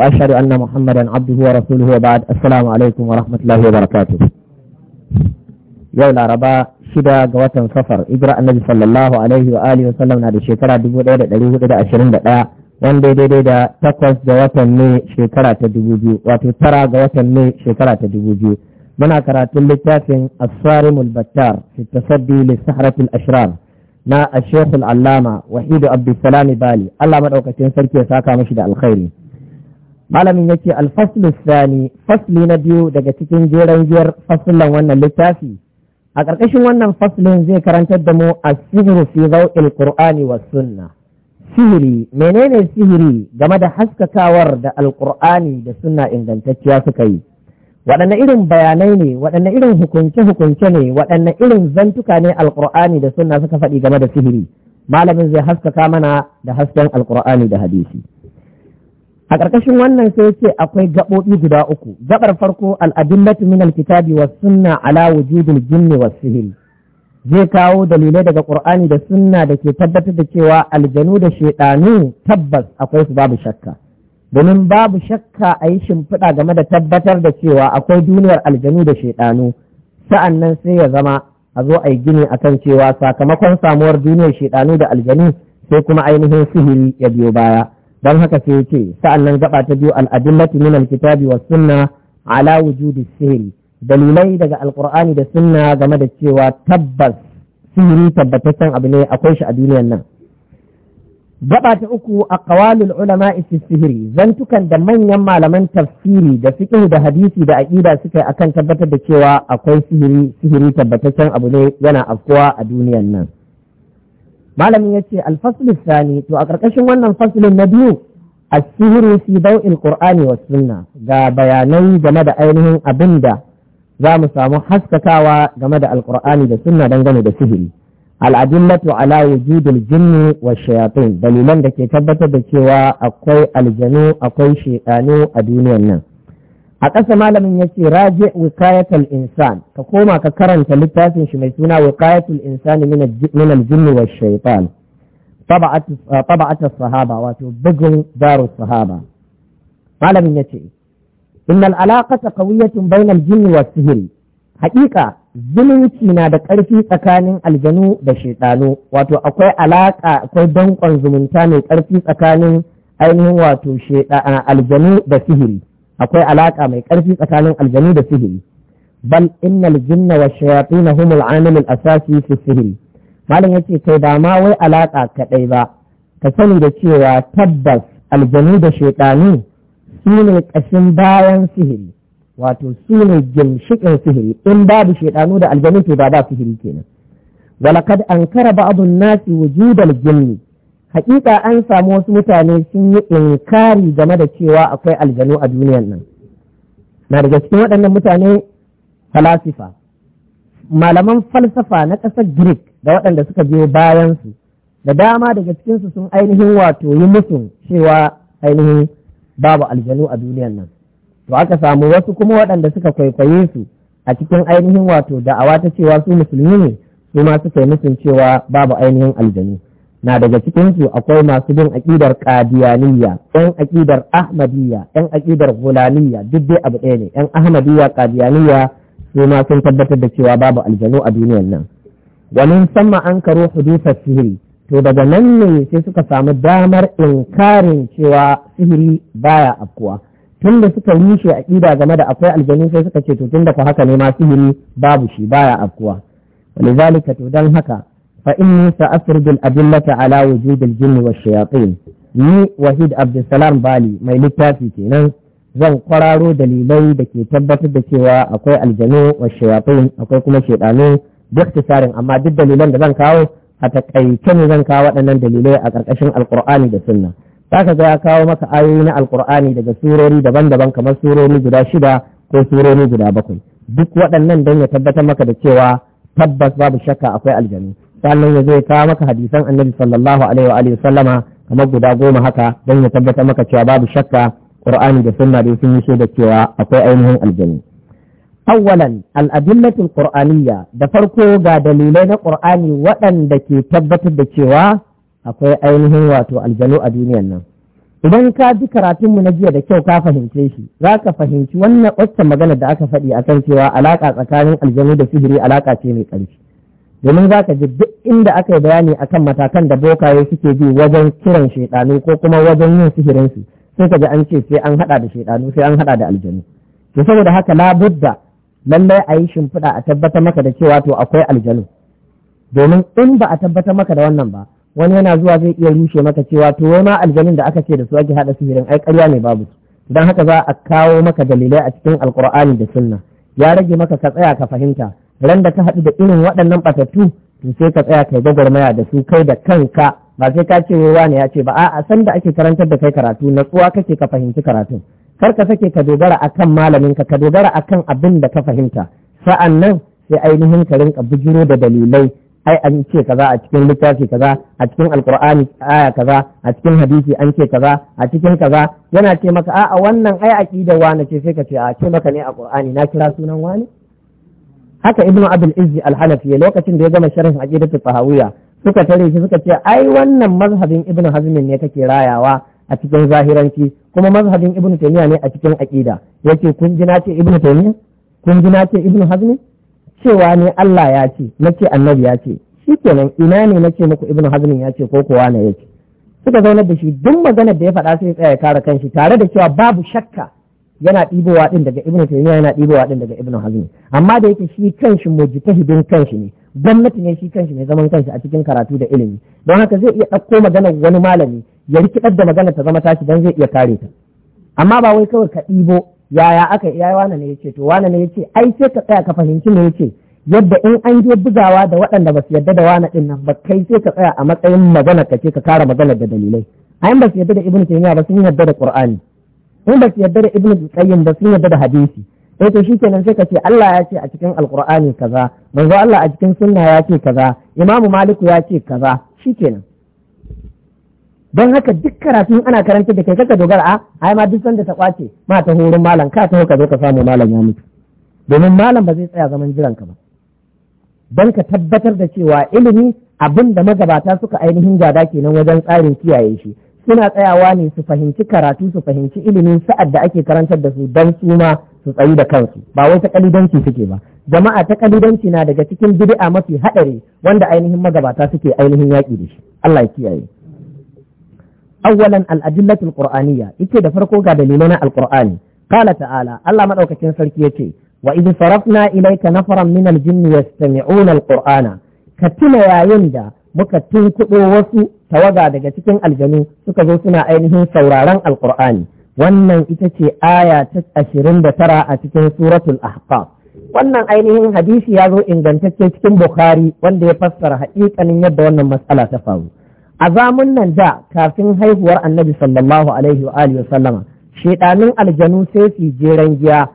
وأشهد أن محمدا عبده ورسوله وبعد السلام عليكم ورحمة الله وبركاته يوم الأربعاء شدا قوات صفر إجراء النبي صلى الله عليه وآله وسلم هذه الشكرة دبو ديدة دليه ديدة عشرين دقاء وان ديدة ديدة تقوص قوات مي شكرة تدبوجو وتترى قوات مي شكرة تدبوجو من أكرات اللتاف الصارم البتار في التصدي للسحرة الأشرار na الشيخ العلامة وحيد عبد السلام بالي الله مدعوك تنسلك يساكا مشد الخيري malamin yake alfaslu sani fasli na biyu daga cikin jeran giyar fasulan wannan littafi a ƙarƙashin wannan faslin zai karantar da mu a sihiru fi zau'il qur'ani wa sunna sihiri menene sihiri game da haskakawar da alqur'ani da sunna ingantacciya suka yi waɗanne irin bayanai ne waɗanne irin hukunce-hukunce ne waɗanne irin zantuka ne alƙur'ani da sunna suka faɗi game da sihiri malamin zai haskaka mana da hasken alƙur'ani da hadisi a ƙarƙashin wannan sai ce akwai gaɓoɓi guda uku gaɓar farko al'adillatu min alkitabi wa sunna ala wujudil jinni wa sihiri zai kawo dalilai daga ƙur'ani da sunna da ke tabbatar da cewa aljanu da shaidanu tabbas akwai su babu shakka domin babu shakka a yi shimfiɗa game da tabbatar da cewa akwai duniyar aljanu da shaidanu sa'an nan sai ya zama a zo a yi gini akan cewa sakamakon samuwar duniyar shaidanu da aljanu sai kuma ainihin sihiri ya biyo baya don haka sai ce, sa'annan gaba ta biyu al-adillatu min kitabi was sunna ala wujudi sihiri dalilai daga Alƙur'ani da sunna game da cewa tabbas sihiri tabbataccen abu ne akwai shi a duniyar nan gaba ta uku a kawalul ulama sihiri zantukan da manyan malaman tafsiri da fiqh da hadisi da aƙida suka akan tabbatar da cewa akwai sihiri sihiri tabbataccen abu ne yana afkuwa a duniyar nan malamin ya ce alfasulun sani to a ƙarƙashin wannan fasulun na biyu a sihiru fi bau'in ƙur'ani wa sunna ga bayanai game da ainihin abin da za mu samu haskakawa game da Alkur'ani da sunna dangane da sihiri al'adillatu ala wujudil jinni wa shayatin dalilan da ke tabbatar da cewa akwai aljanu akwai shaytanu a duniyar nan a ƙasa malamin ya ce raje wikayatul insan ka koma ka karanta littafin shi mai suna wikayatul insani min al-jinn wa shaytan taba'at sahaba wato bugun daru sahaba malamin ya ce innal alaqata qawiyatun bainal jinni wa sihiri haƙiƙa zumunci na da ƙarfi tsakanin aljanu da shaitanu wato akwai alaƙa akwai danƙon zumunta mai ƙarfi tsakanin ainihin wato aljanu da sihiri akwai alaƙa mai ƙarfi tsakanin aljanu da sihiri bal innal jinna wa shayatin humul amil al asasi fi sihiri malam yace kai ba ma wai alaƙa kadai ba ka sani da cewa tabbas aljanu da shaiɗanu su ne kashin bayan sihiri wato su ne ginshiƙin sihiri in babu shaiɗanu da aljanu to ba ba sihiri kenan walakad ankara ba'dun nasi wujudal jinni hakika an samu wasu mutane sun yi inkari game da cewa akwai aljanu a duniyar nan na daga cikin waɗannan mutane falasifa malaman falsafa na ƙasar greek da waɗanda suka je bayansu da dama daga cikinsu sun ainihin wato yi musu cewa ainihin babu aljanu a duniyar nan to aka samu wasu kuma waɗanda suka kwaikwaye su a cikin ainihin wato da'awa ta cewa su musulmi ne su ma suka yi musun cewa babu ainihin aljanu na daga cikinsu akwai masu bin aƙidar ƙadiyaniya yan aƙidar ahmadiyya yan aƙidar hulaniya duk dai abu ɗaya ne yan ahmadiyya ƙadiyaniya su ma sun tabbatar da cewa babu aljanu a duniyar nan wani sama an karo hudusar sihiri to daga nan ne sai suka samu damar inkarin cewa sihiri baya afkuwa tun da suka rushe aƙida game da akwai aljanu sai suka ce to tun da haka ne ma sihiri babu shi baya afkuwa wani zalika to don haka فإني سأفرد الأدلة على وجود الجن والشياطين ni wahid abdulsalam bali mai littafi kenan zan kwararo dalilai da ke tabbatar da cewa akwai aljanu wa shayatun akwai kuma shaidanu duk tisarin amma duk dalilan da zan kawo a takaice ne zan kawo waɗannan dalilai a ƙarƙashin alƙur'ani da sunna zaka ga ya kawo maka ayoyi na alƙur'ani daga surori daban-daban kamar surori guda shida ko surori guda bakwai duk waɗannan don ya tabbatar maka da cewa tabbas babu shakka akwai aljanu sannan ya zo ya kawo maka hadisan annabi sallallahu alaihi wa alihi sallama kamar guda goma haka don ya tabbatar maka cewa babu shakka qur'ani da sunna da sun yi shaida cewa akwai ainihin aljanna awwalan al-adillatul qur'aniyya da farko ga dalilai na qur'ani waɗanda ke tabbatar da cewa akwai ainihin wato aljanu a duniyar nan idan ka ji karatunmu na jiya da kyau ka fahimce shi za ka fahimci wannan wacce magana da aka faɗi akan cewa alaƙa tsakanin aljanu da sihiri alaƙa ce mai ƙarfi domin za ka ji duk inda aka yi bayani akan matakan da bokaye suke bi wajen kiran shaidanu ko kuma wajen yin sihirinsu sai ka ji an ce sai an haɗa da shaidanu sai an hada da aljanu to saboda haka na budda lallai a yi shimfiɗa a tabbatar maka da cewa to akwai aljanu domin in ba a tabbatar maka da wannan ba wani yana zuwa zai iya rushe maka cewa to wai ma aljanun da aka ce da su ake hada sihirin ai ƙarya ne babu don haka za a kawo maka dalilai a cikin alƙur'ani da sunna ya rage maka ka tsaya ka fahimta ran da ka haɗu da irin waɗannan batattu to sai ka tsaya kai gwagwarmaya da su kai da kanka ba sai ka ce wa ne ya ce ba a'a san da ake karantar da kai karatu natsuwa kake ka fahimci karatu. kar ka sake ka dogara akan malamin ka ka dogara akan abin da ka fahimta sa'an nan sai ainihin ka rinka bijiro da dalilai ai an ce kaza a cikin littafi kaza a cikin alkur'ani aya kaza a cikin hadisi an ce kaza a cikin kaza yana ce maka a'a wannan ai aqida wane ce sai ka ce a ce maka ne a qur'ani na kira sunan wani haka ibnu abdul izzi al-hanafi lokacin da ya gama sharhin aqidatu tahawiyya suka tare shi suka ce ai wannan mazhabin ibnu hazmin ne kake rayawa a cikin zahiranci kuma mazhabin ibnu taymiya ne a cikin aqida yace kun ji ce ibnu taymiya kun ji ce ibnu hazmi cewa ne Allah ya ce nace annabi ya ce shikenan ina ne nace muku ibnu hazmin ya ce ko kowa ne yake suka zaunar da shi duk maganar da ya faɗa sai ya tsaya kare kanshi tare da cewa babu shakka yana ɗibowa ɗin daga ibnu taymiya yana ɗibowa ɗin daga ibnu hazmi amma da yake shi kanshi mujtahidin kanshi ne gwamnati ne shi kanshi mai zaman kanshi a cikin karatu da ilimi don haka zai iya ɗauko maganar wani malami ya rikidar da maganar ta zama tashi don zai iya kare ta amma ba wai kawai ka ɗibo yaya aka yaya wane ne yace to wane ne yace ai sai ka tsaya ka fahimci me yace yadda in an je bugawa da waɗanda ba su yarda da wani ɗin nan ba kai sai ka tsaya a matsayin magana ka ce ka kara maganar da dalilai ayin ba su yarda da ibnu taymiya ba sun yarda da qur'ani in ba su yarda da ibnu qayyim ba sun yarda da hadisi sai eh to kenan sai ka ce Allah ya ce a cikin alqur'ani kaza manzo Allah a cikin sunna ya ce kaza imamu maliku ya ce kaza shikenan don haka duk karatu ana karanta da kai kaka dogara a ai ma duk sanda ta kwace ma ta horon malam ka ta ka zo ka samu malam ya mutu domin malam ba zai tsaya zaman jiran ka ba don ka tabbatar da cewa ilimi abin da magabata suka ainihin gada kenan wajen tsarin kiyaye shi suna tsayawa ne su fahimci karatu su fahimci ilimin sa'ad da ake karantar da su don su su tsayi da kansu ba wai ta kalidanci suke ba jama'a ta kalidanci na daga cikin bid'a mafi haɗari wanda ainihin magabata suke ainihin yaƙi da shi Allah ya kiyaye awwalan al-adillatu al-qur'aniyya ite da farko ga dalilai na al-qur'ani qala ta'ala Allah madaukakin sarki yace wa idh sarafna ilayka nafaran min al-jinni yastami'una al-qur'ana ka tuna yayin da muka tunkuɗo wasu tawaga daga cikin aljanu suka zo suna ainihin sauraron alkur'ani wannan ita ce aya ta ashirin da tara a cikin suratul ahqaf wannan ainihin hadisi ya zo ingantacce cikin bukhari wanda ya fassara haƙiƙanin yadda wannan matsala ta faru a zamun nan da kafin haihuwar annabi sallallahu alaihi wa alihi sallama shedanin aljanu sai su jeran giya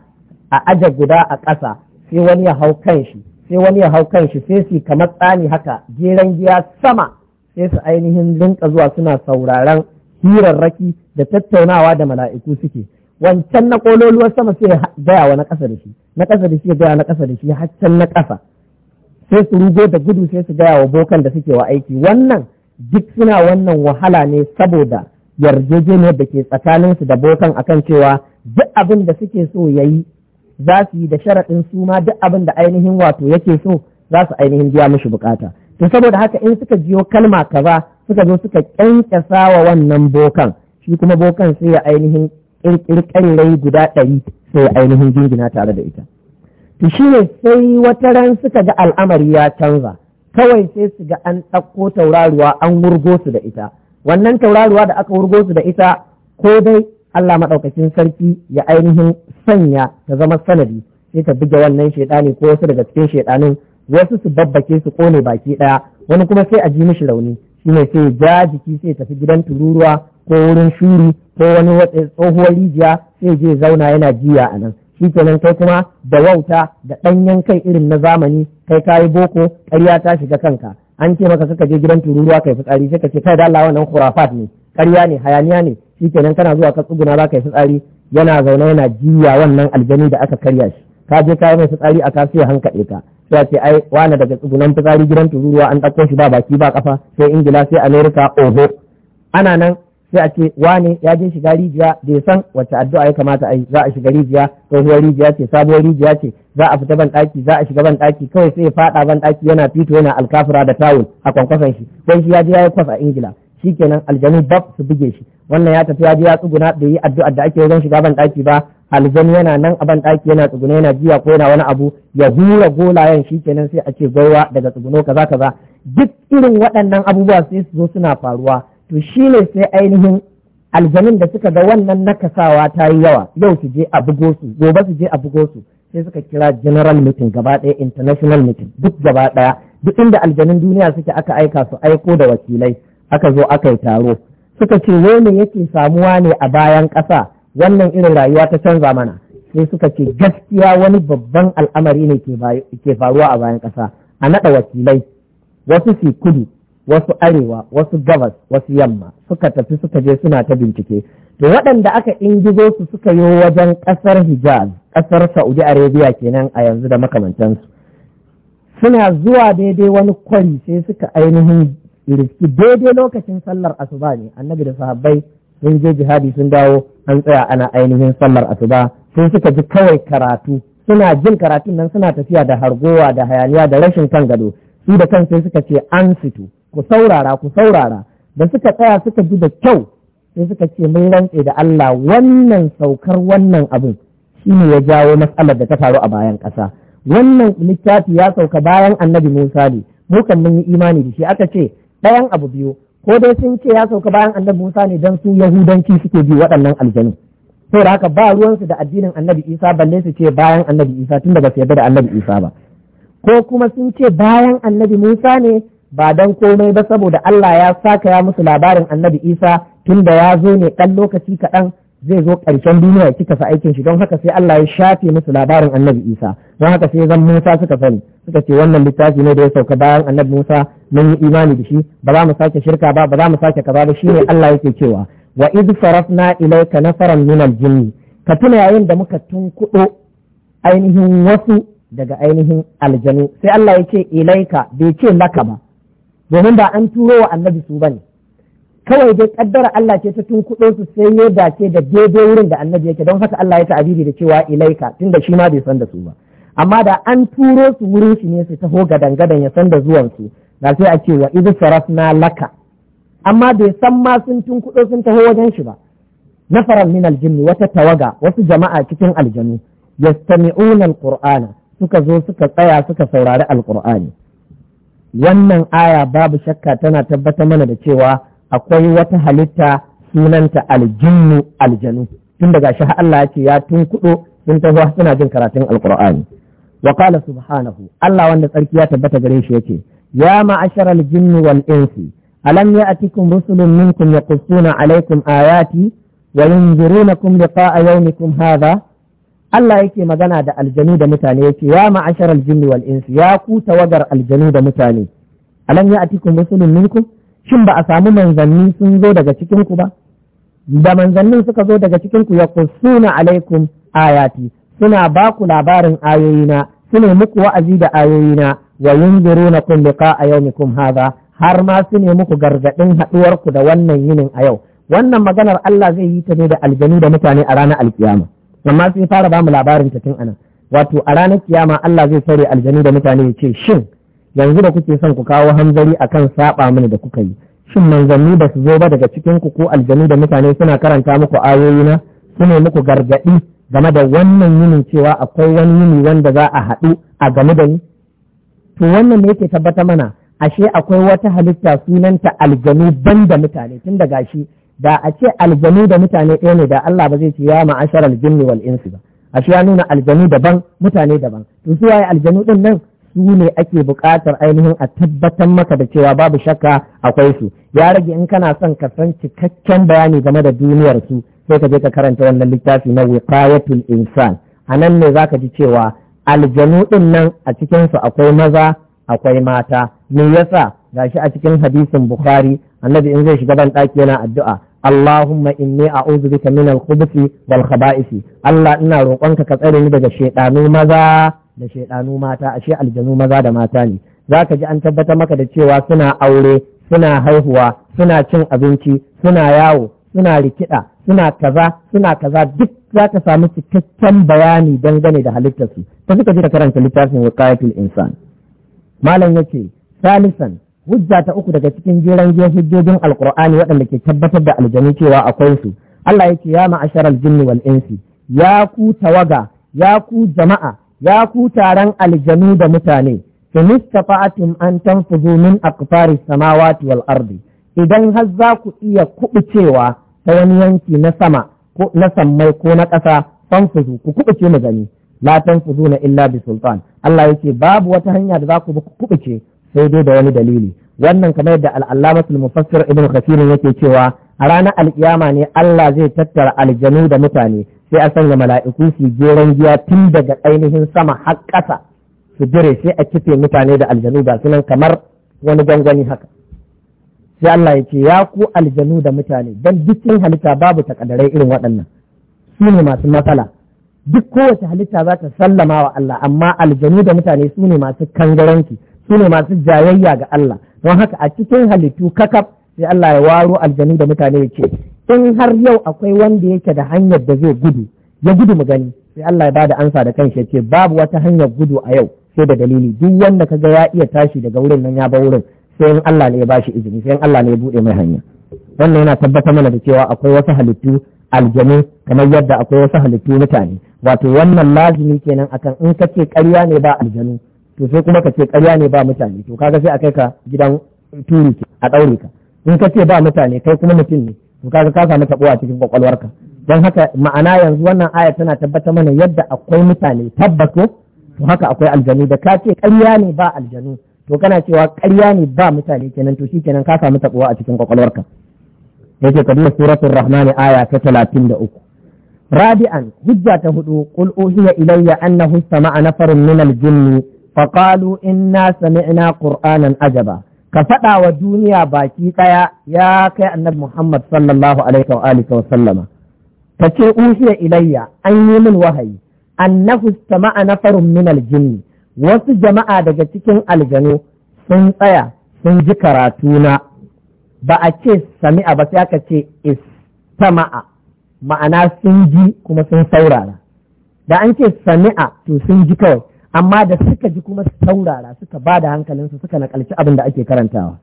a aja guda a ƙasa sai wani ya hau kan shi sai wani ya hau kanshi shi sai su kamar tsani haka jeren giya sama sai su ainihin linka zuwa suna sauraron hirarraki da tattaunawa da mala'iku suke wancan na kololuwar sama sai ya gaya wa na ƙasa da shi na ƙasa da shi ya gaya na ƙasa da shi haccan na ƙasa sai su rugo da gudu sai su gaya wa bokan da suke wa aiki wannan duk suna wannan wahala ne saboda yarjejeniyar da ke tsakaninsu da bokan akan cewa duk abin da suke so ya yi za su yi da sharaɗin su ma duk abin da ainihin wato yake so za su ainihin biya mishi bukata to saboda haka in suka jiyo kalma kaza suka zo suka kyankyasa wa wannan bokan shi kuma bokan sai ya ainihin rai guda ɗari sai ya ainihin jingina tare da ita to shi ne sai wata ran suka ga al'amari ya canza kawai sai su ga an ɗauko tauraruwa an wurgo su da ita wannan tauraruwa da aka wurgo su da ita ko dai Allah maɗaukacin sarki ya ainihin sanya ta zama sanadi sai ta buge wannan shaidani ko wasu daga cikin shaidanin wasu su babbake su kone baki ɗaya wani kuma sai a ji mishi rauni shine sai ja jiki sai tafi gidan tururuwa ko wurin shuri ko wani tsohuwar rijiya sai je zauna yana jiya a nan shi kenan kai kuma da wauta da ɗanyen kai irin na zamani kai kayi boko ƙarya ta shiga kanka an ce maka kaka je gidan tururuwa kai fitsari sai ka ce kai da Allah wannan khurafat ne ƙarya ne hayaniya ne shi kenan kana zuwa ka tsuguna za ka yi fitsari yana zaune yana jiya wannan aljani da aka karya shi ka je ka yi mai fitsari a kasuwa hankaɗe ka sai ce ai wani daga tsugunan fitsari gidan tururuwa an ɗauko shi ba baki ba kafa sai ingila sai amerika oho ana nan sai a ce wane ya je shiga rijiya bai san wacce addu'a ya kamata a za a shiga rijiya tsohuwar rijiya ce sabuwar rijiya ce za a fita ban ɗaki za a shiga ban ɗaki kawai sai ya faɗa ban ɗaki yana fito yana alkafura da tawul a kwankwason shi don shi ya je ya yi kwas a ingila shikenan aljanu bab su buge shi wannan ya tafi ya je ya tsuguna bai yi addu'a da ake wajen shiga ban daki ba aljanu yana nan a ban daki yana tsuguna yana jiya ko yana wani abu ya hura golayen shikenan sai a ce gowa daga tsuguno kaza kaza duk irin waɗannan abubuwa sai su zo suna faruwa to shine sai ainihin aljanun da suka ga wannan nakasawa ta yi yawa yau su je a bugo su gobe su je a bugo su sai suka kira general meeting gaba ɗaya international meeting duk gaba ɗaya duk inda aljanun duniya suke aka aika su aiko da wakilai aka zo aka yi taro suka ce ne yake samuwa ne a bayan ƙasa wannan irin rayuwa ta canza mana sai suka ce gaskiya wani babban al'amari ne ke faruwa a bayan ƙasa a naɗa wakilai wasu su kudu wasu arewa wasu gabas wasu yamma suka tafi suka je suna ta bincike to waɗanda aka ingizo su suka yi wajen ƙasar hijaz ƙasar saudi arabia kenan a yanzu da makamantansu suna zuwa daidai wani kwari sai suka ainihin riski daidai lokacin sallar asuba ne annabi da sahabbai sun je jihadi sun dawo an tsaya ana ainihin sallar asuba sun suka ji kawai karatu suna jin karatun nan suna tafiya da hargowa da hayaniya da rashin kan gado su da kan sai suka ce an fito ku saurara ku saurara da suka tsaya suka ji da kyau sai suka ce mun rantse da Allah wannan saukar wannan abin ne ya jawo matsalar da ta faru a bayan ƙasa wannan littafi ya sauka bayan annabi Musa ne mu kan mun yi imani da shi aka ce ɗayan abu biyu ko dai sun ce ya sauka bayan annabi Musa ne dan su yahudanci suke bi waɗannan aljanu da haka ba ruwansu da addinin annabi Isa balle su ce bayan annabi Isa tun daga su yarda da annabi Isa ba ko kuma sun ce bayan annabi Musa ne ba dan komai ba saboda Allah ya saka ya musu labarin annabi Isa tun da ya zo ne ɗan lokaci kaɗan zai zo ƙarshen duniya kika sa aikin shi don haka sai Allah ya shafe musu labarin annabi Isa don haka sai zan Musa suka sani suka ce wannan littafi ne da ya sauka bayan annabi Musa mun yi imani da shi ba za mu sake shirka ba ba za mu sake kaza ba ne Allah yake cewa wa id na, ilayka nafaran min al-jinn ka tuna yayin da muka tunkudo ainihin wasu daga ainihin aljanu sai Allah yake ilaika bai ce laka ba domin ba an turo wa annabi su bane kawai dai kaddara Allah ce ta tunkuɗo su sai ya dace da daidai wurin da annabi yake don haka Allah ya ta'abiri da cewa ilaika tunda shi ma bai san da su ba amma da an turo su wurin shi ne su taho gadan gadan ya san da zuwan su ga sai a ce wa faras na laka amma bai san ma sun tun kudo sun taho wajen shi ba Na min aljinni wata tawaga wasu jama'a cikin aljanu yastami'una alqur'ana suka zo suka tsaya suka saurari alqur'ani wannan aya babu shakka tana tabbatar mana da cewa akwai wata halitta sunanta aljinnu aljanu tun daga shi Allah ya ce ya tun kudo sun taho suna jin karatun alqur'ani wa subhanahu Allah wanda tsarki ya tabbata gare shi yake ya ma'ashara al-jinn wal insi alam ya'tikum rusulun minkum yaqussuna alaykum ayati wa yunzirunakum liqa'a yawmikum hadha Allah yake magana da aljanu da mutane yake ya ma'ashara al-jinn ya ku tawagar aljanu da mutane alam ya'tikum rusulun minkum shin ba a samu manzanni sun zo daga ba da suka zo daga cikinku ya kusuna alaikum ayati suna ba labarin ayoyina Sune muku wa'azi da ayoyina wa a yau yawmikum haza har ma su ne muku gargaɗin haɗuwarku da wannan yinin a yau wannan maganar Allah zai yi ta ne da aljanu da mutane a ranar alkiyama amma sai fara bamu labarin ta tun anan wato a ranar kiyama Allah zai sauya aljanu da mutane ya ce shin yanzu da kuke son ku kawo hanzari akan saɓa mini da kuka yi shin manzanni ba su zo ba daga cikin ku ko aljanu da mutane suna karanta muku ayoyina su ne muku gargaɗi? game da wannan yinin cewa akwai wani yini wanda za a haɗu a game da ni to wannan ne yake tabbata mana ashe akwai wata halitta sunanta aljanu ban da mutane tun da gashi da a ce aljanu da mutane ɗaya ne da Allah ba zai ce ya ma'ashar aljinni wal insi ba ashe ya nuna aljanu daban mutane daban to su waye aljanu ɗin nan su ne ake buƙatar ainihin a tabbatar maka da cewa babu shakka akwai su ya rage in kana son ka san cikakken bayani game da duniyar su sai ka je ka karanta wannan littafi na wiqayatul insan anan ne zaka ji cewa aljanu din nan a cikin su akwai maza akwai mata me yasa gashi a cikin hadisin bukhari annabi in zai shiga ban daki yana addu'a Allahumma inni a'udhu bika min al-khubuthi wal khaba'isi Allah ina roƙonka ka tsare ni daga shedanu maza da shedanu mata ashe aljanu maza da mata ne zaka ji an tabbatar maka da cewa suna aure suna haihuwa suna cin abinci suna yawo suna rikida suna kaza suna kaza duk za ka samu cikakken bayani dangane da halittarsu ta suka ji da karanta littafin wakayatul insan malam yace salisan hujja ta uku daga cikin jiran jiran hujjojin alqur'ani waɗanda ke tabbatar da aljanu cewa akwai su Allah yake ya ma'ashar jinni wal insi ya ku tawaga ya ku jama'a ya ku taron aljanu da mutane in istafa'atum an tanfuzu min aqfaris samawati wal ardi idan har za ku iya kubucewa ta wani yanki na sama ko na sammai ko na ƙasa fanfuzu ku kubuce mu gani la tanfuzu na illa bi sultan Allah yake babu wata hanya da za ku kubuce sai dai da wani dalili wannan kamar yadda al-allamatul mufassir ibnu kathir yake cewa a ranar alkiyama ne Allah zai tattara aljanu da mutane sai a sanya mala'iku su geran giya tun daga ainihin sama har ƙasa su dire sai a kife mutane da aljanu ba sunan kamar wani gangani haka sai Allah ya ce ya ku aljanu da mutane don dukkan halitta babu takadarai irin waɗannan su ne masu matsala duk kowace halitta za ta sallama wa Allah amma aljanu da mutane su ne masu kangaranci su ne masu jayayya ga Allah don haka a cikin halittu kakaf sai Allah ya waro aljanu da mutane ya ce in har yau akwai wanda yake da hanyar da zai gudu ya gudu mu gani sai Allah ya ba da ansa da kanshi ya ce babu wata hanyar gudu a yau sai da dalili duk wanda kaga ya iya tashi daga wurin nan ya ba wurin sai in Allah ne ya bashi izini sai in Allah ne ya bude mai hanya wannan yana tabbatar mana da cewa akwai wasu halittu aljanu kamar yadda akwai wasu halittu mutane wato wannan lazimi kenan akan in ka ce ƙarya ne ba aljanu to sai kuma ka ce ƙarya ne ba mutane to kaga sai a kai ka gidan turi a ɗaure ka in ka ce ba mutane kai kuma mutum ne to kaga ka samu taɓo a cikin kwakwalwarka don haka ma'ana yanzu wannan aya tana tabbatar mana yadda akwai mutane tabbato to haka akwai aljanu da ka ce ƙarya ne ba aljanu to kana cewa ƙarya ne ba mutane kenan to kenan ka samu tabuwa a cikin kwakwalwarka yake ka duba suratul rahmani aya ta talatin da uku rabi'an hujja ta hudu qul uhiya ilayya annahu sama'a nafarun min al-jinni fa qalu inna sami'na qur'anan ajaba ka faɗawa wa duniya baki ɗaya ya kai annabi Muhammad sallallahu alaihi wa alihi wa sallama ka ce uhiya ilayya an yi min wahayi annahu sama'a nafarun min al-jinni wasu jama'a daga cikin aljanu sun tsaya sun ji karatuna ba a ce sami'a ba sai aka ce istama'a ma'ana sun ji kuma sun saurara da an ce sami'a to sun ji kawai amma da suka ji kuma saurara suka ba da hankalinsu suka nakalci abin da ake karantawa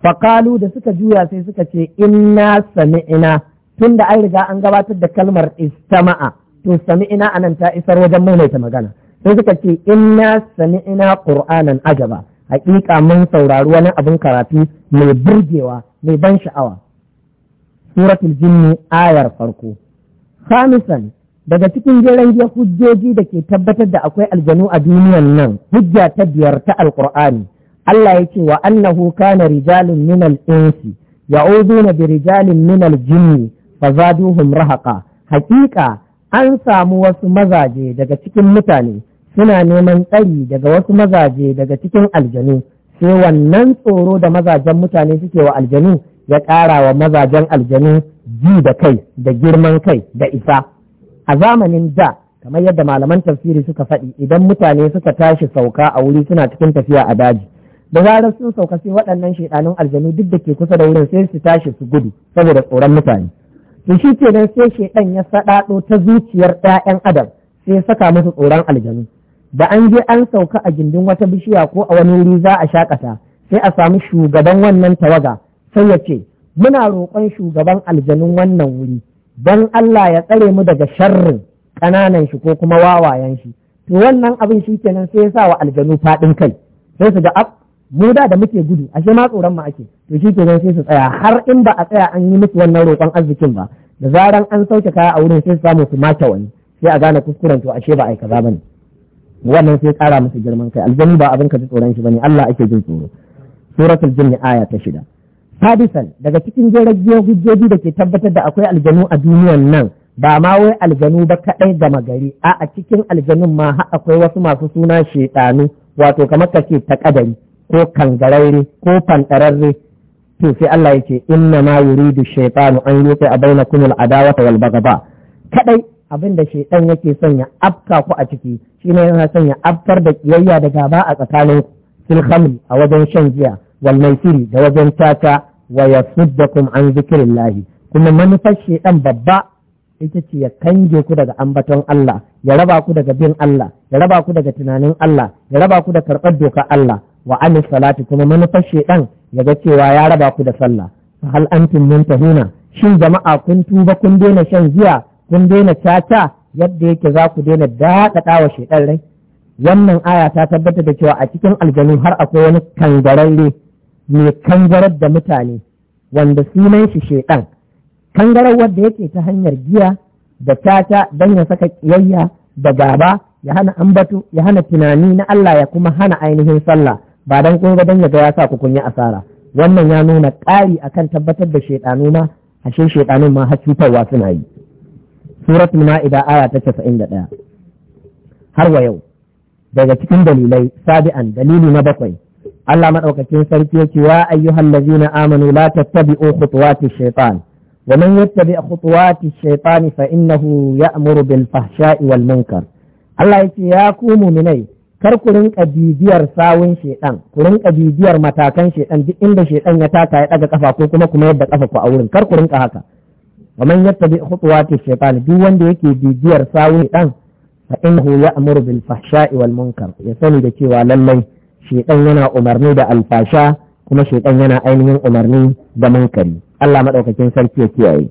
Fakalu da suka juya sai suka ce inna sami'ina tun da an riga an gabatar da kalmar istama'a to sami'ina anan ta isar wajen maimaita magana sai suka ce inna ina qur'anan ajaba hakika mun saurari wani abin karatu mai burgewa mai ban sha'awa suratul jinni ayar farko khamisan daga cikin jeren hujjoji da ke tabbatar da akwai aljanu a duniyan nan hujja ta biyar ta alqur'ani Allah ya ce wa annahu kana rijalun min al-insi ya'uduna bi rijalin min al-jinni fazaduhum rahaqa Haƙiƙa an samu wasu mazaje daga cikin mutane suna neman tsari daga wasu mazaje daga cikin aljanu sai wannan tsoro da mazajen mutane suke wa aljanu ya ƙara wa mazajen aljanu ji da kai da girman kai da isa a zamanin da kamar yadda malaman tafsiri suka faɗi idan mutane suka tashi sauka a wuri suna cikin tafiya a daji da zarar sun sauka sai waɗannan shaidanun aljanu duk da ke kusa da wurin sai su tashi su gudu saboda tsoron mutane to shi kenan sai shaidan ya saɗaɗo ta zuciyar 'ya'yan adam sai ya saka musu tsoron aljanu da an je an sauka a gindin wata bishiya ko a wani wuri za a shakata sai a samu shugaban wannan tawaga sai ya ce muna roƙon shugaban aljanun wannan wuri don Allah ya tsare mu daga sharrin ƙananan shi ko kuma wawayen shi to wannan abin shi kenan sai ya sa wa aljanu faɗin kai sai su ga ab mu da da muke gudu ashe ma tsoron mu ake to shi kenan sai su tsaya har in ba a tsaya an yi musu wannan roƙon arzikin ba da zaran an sauke kaya a wurin sai su samu su mace wani sai a gane kuskuren to ashe ba a yi kaza bane wannan sai kara masa girman kai aljani ba abin ka ji tsoron shi bane Allah ake jin tsoro suratul jinni aya ta shida sadisan daga cikin jirage hujjoji da ke tabbatar da akwai aljanu a duniyan nan ba ma wai aljanu ba kadai gama gari a a cikin aljanun ma har akwai wasu masu suna shedanu wato kamar kace ta kadari ko kangararre ko fantararre to sai Allah yake inna ma yuridu shaytanu an yuqa bainakum al-adawata wal baghdha kadai abin da shaidan yake son ya afka ku a ciki shine yana son ya afkar da kiyayya da gaba a tsakanin fil a wajen shan giya Wannan maisiri da wajen caca wa yasuddakum an lahi. kuma manufar shaidan babba ita ce ya kange ku daga ambaton Allah ya raba ku daga bin Allah ya raba ku daga tunanin Allah ya raba ku da karɓar dokar Allah wa anis salati kuma manufar shaidan ya ga cewa ya raba ku da sallah hal antum muntahuna shin jama'a kun tuba kun daina shan giya kun daina caca yadda yake za ku daina daɗaɗa wa shaidan rai wannan aya ta tabbatar da cewa a cikin aljanu har akwai wani kangararre mai kangarar da mutane wanda sunan shi shaidan kangarar wanda yake ta hanyar giya da caca don ya saka kiyayya da gaba ya hana ambatu ya hana tunani na Allah ya kuma hana ainihin sallah ba don kun ga don ya ga ya sa ku kun yi asara wannan ya nuna ƙari akan tabbatar da shaidanu ma ashe shaidanun ma har cutarwa suna yi suratul ida aya ta 91 har wa yau daga cikin dalilai sabi'an dalili na bakwai Allah maɗaukacin sarki yake wa ayyuhal ladzina amanu la tattabi'u khutuwati shaytan wa man yattabi' khutuwati shaytan fa innahu ya'muru bil fahsha'i wal munkar Allah yake ya ku mu'minai kar ku rinka bibiyar sawun shedan ku rinƙa bibiyar matakan shedan duk inda shedan ya taka ya daga kafa ko kuma kuma yadda kafa ku a wurin kar ku rinka haka wa man yattabi khutuwati shaytan duk wanda yake bibiyar sawun dan fa innahu ya'muru bil fahsha'i wal munkar ya sani da cewa lallai shaytan yana umarni da alfasha kuma shaytan yana ainihin umarni da munkari Allah madaukakin sarki ya kiyaye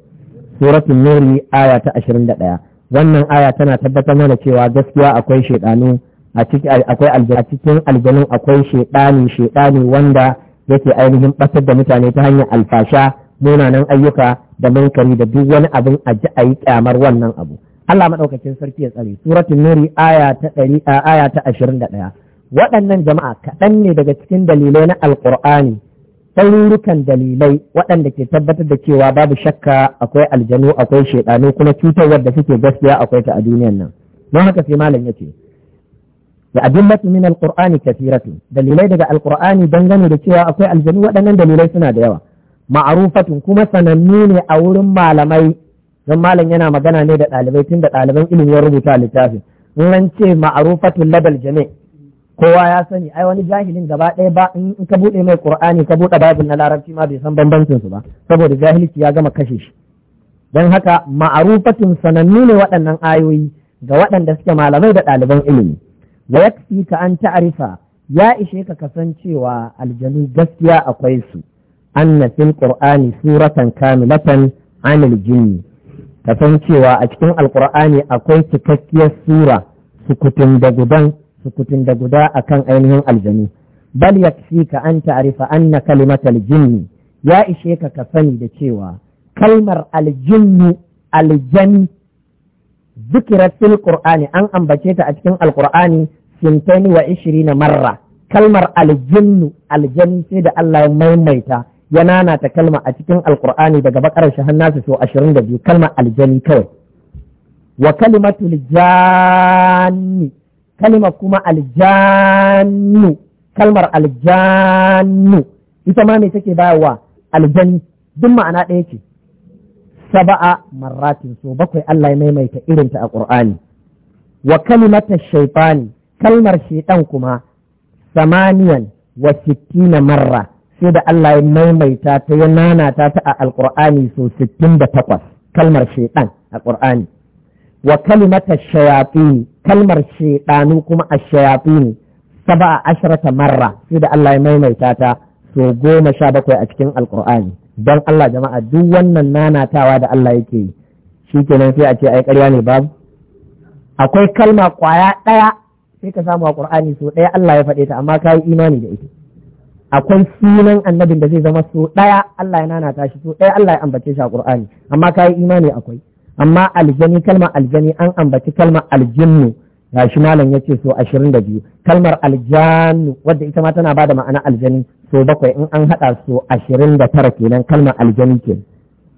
suratul nur aya ta 21 wannan aya tana tabbatar mana cewa gaskiya akwai shaytanu a cikin aljanun akwai shaydani shaydani wanda yake ainihin batar da mutane ta hanyar alfasha munanan ayyuka da munkari da duk wani abin a ji a yi kyamar wannan abu Allah maɗaukacin sarki ya tsare Suratun nuri aya ta ɗari aya ta ashirin da ɗaya waɗannan jama'a kaɗan ne daga cikin dalilai na alƙur'ani ɗarurukan dalilai waɗanda ke tabbatar da cewa babu shakka akwai aljanu akwai shaidanu kuma cutarwar da suke gaskiya akwai ta a duniyan nan don haka sai malam yace da adillatu min Alƙur'ani kafiratu. dalilai daga don dangane da cewa akwai aljanu waɗannan dalilai suna da yawa Ma'arufatu kuma sanannu ne a wurin malamai don malam yana magana ne da ɗalibai tun da ɗaliban ilimi ya rubuta littafi. in an ce ma'arufatun labal jami kowa ya sani ai wani jahilin gaba ɗaya ba in ka buɗe mai Ƙur'ani ka buɗe babin na larabci ma bai san bambancin su ba saboda jahilci ya gama kashe shi don haka ma'arufatun sanannu ne waɗannan ayoyi ga waɗanda suke malamai da ɗaliban ilimi wa yakfi ka an ta'arifa ya ishe ka kasancewa aljanu gaskiya akwai su anna fil qur'ani suratan kamilatan anil jinni ka san cewa a cikin alqur'ani akwai cikakkiyar sura sukutun da gudan sukutun da guda akan ainihin aljanu bal ka an ta'rifa anna kalimatal jinni ya ishe ka ka sani da cewa kalmar aljinni aljani zikirar fil qur'ani an ambace ta a cikin alkur'ani sintani wa ishirina marra kalmar aljinnu aljani sai da Allah ya maimaita ya ta kalma a cikin alkur'ani daga bakarar shi sau so ashirin da biyu kalma aljani kawai wa kalimatu aljani kalma kuma aljanu kalmar aljanu ita ma me take bayarwa aljani duk ma'ana ɗaya ce saba'a marratin so bakwai Allah ya maimaita irinta a Qur'ani wa kalimata shaytani kalmar shaiɗan kuma samaniyan wa sittina marra sai da Allah ya maimaita ta ya nanata ta a alƙur'ani so takwas kalmar shaiɗan a ƙur'ani wa kalimata shayafi kalmar shaiɗanu kuma a shayafi ne, saba a ashirata marra sai da Allah ya maimaita ta so goma sha bakwai a cikin alƙur'ani don Allah jama'a duk wannan nanatawa da Allah yake yi shi kenan sai a ce ai ƙarya ne babu akwai kalma ƙwaya ɗaya sai ka samu a ƙur'ani so ɗaya Allah ya faɗe ta amma ka yi imani da ita akwai sunan annabin da zai zama so ɗaya Allah ya nana tashi so ɗaya Allah ya ambace shi a Qur'ani amma kai imani akwai amma aljani kalma aljani an ambaci kalma aljinnu ya shi malam ya ce so ashirin da biyu kalmar aljannu wadda ita ma tana bada ma'ana aljani so bakwai in an haɗa so ashirin da tara kenan kalmar aljani ke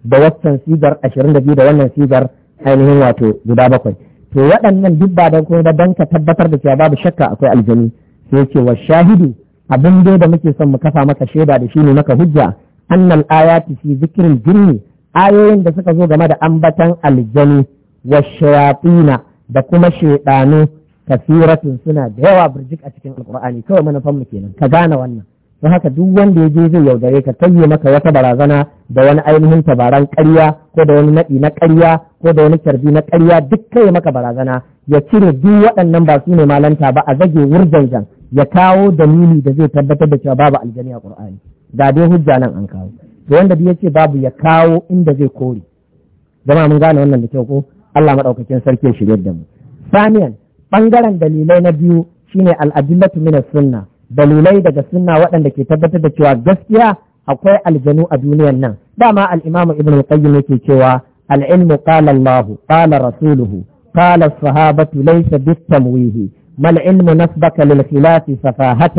da waccan sigar ashirin da biyu da wannan sigar ainihin wato guda bakwai to waɗannan duk ba don kuma don ka tabbatar da cewa babu shakka akwai aljani sai ce wa shahidu abin dai da muke son mu kafa maka shaida da shi ne maka hujja annal ayati fi zikrin jinni ayoyin da suka zo game da ambatan aljanu wa shayatina da kuma shaidanu kasiratun suna da yawa birjik a cikin alqur'ani kawai manufan mu kenan ka gane wannan don haka duk wanda ya je zai yaudare ka kai maka wata barazana da wani ainihin tabaran ƙarya ko da wani naɗi na ƙarya ko da wani kyarbi na ƙarya duk kai maka barazana ya cire duk waɗannan ba su ne malanta ba a zage wurjanjan ya kawo dalili da zai tabbatar da cewa babu aljani a Qur'ani ga dai hujja nan an kawo to wanda ya ce babu ya kawo inda zai kore jama'a mun gane wannan da kyau ko Allah madaukakin sarki ya shirye da mu Samiyan, bangaren dalilai na biyu shine al-adillatu min sunna dalilai daga sunna waɗanda ke tabbatar da cewa gaskiya akwai aljanu a duniyan nan dama al-imam ibn al-qayyim yake cewa al-ilmu qala Allah qala rasuluhu qala as-sahabatu laysa bit-tamwihi ما العلم نسبك safahatan سفاهة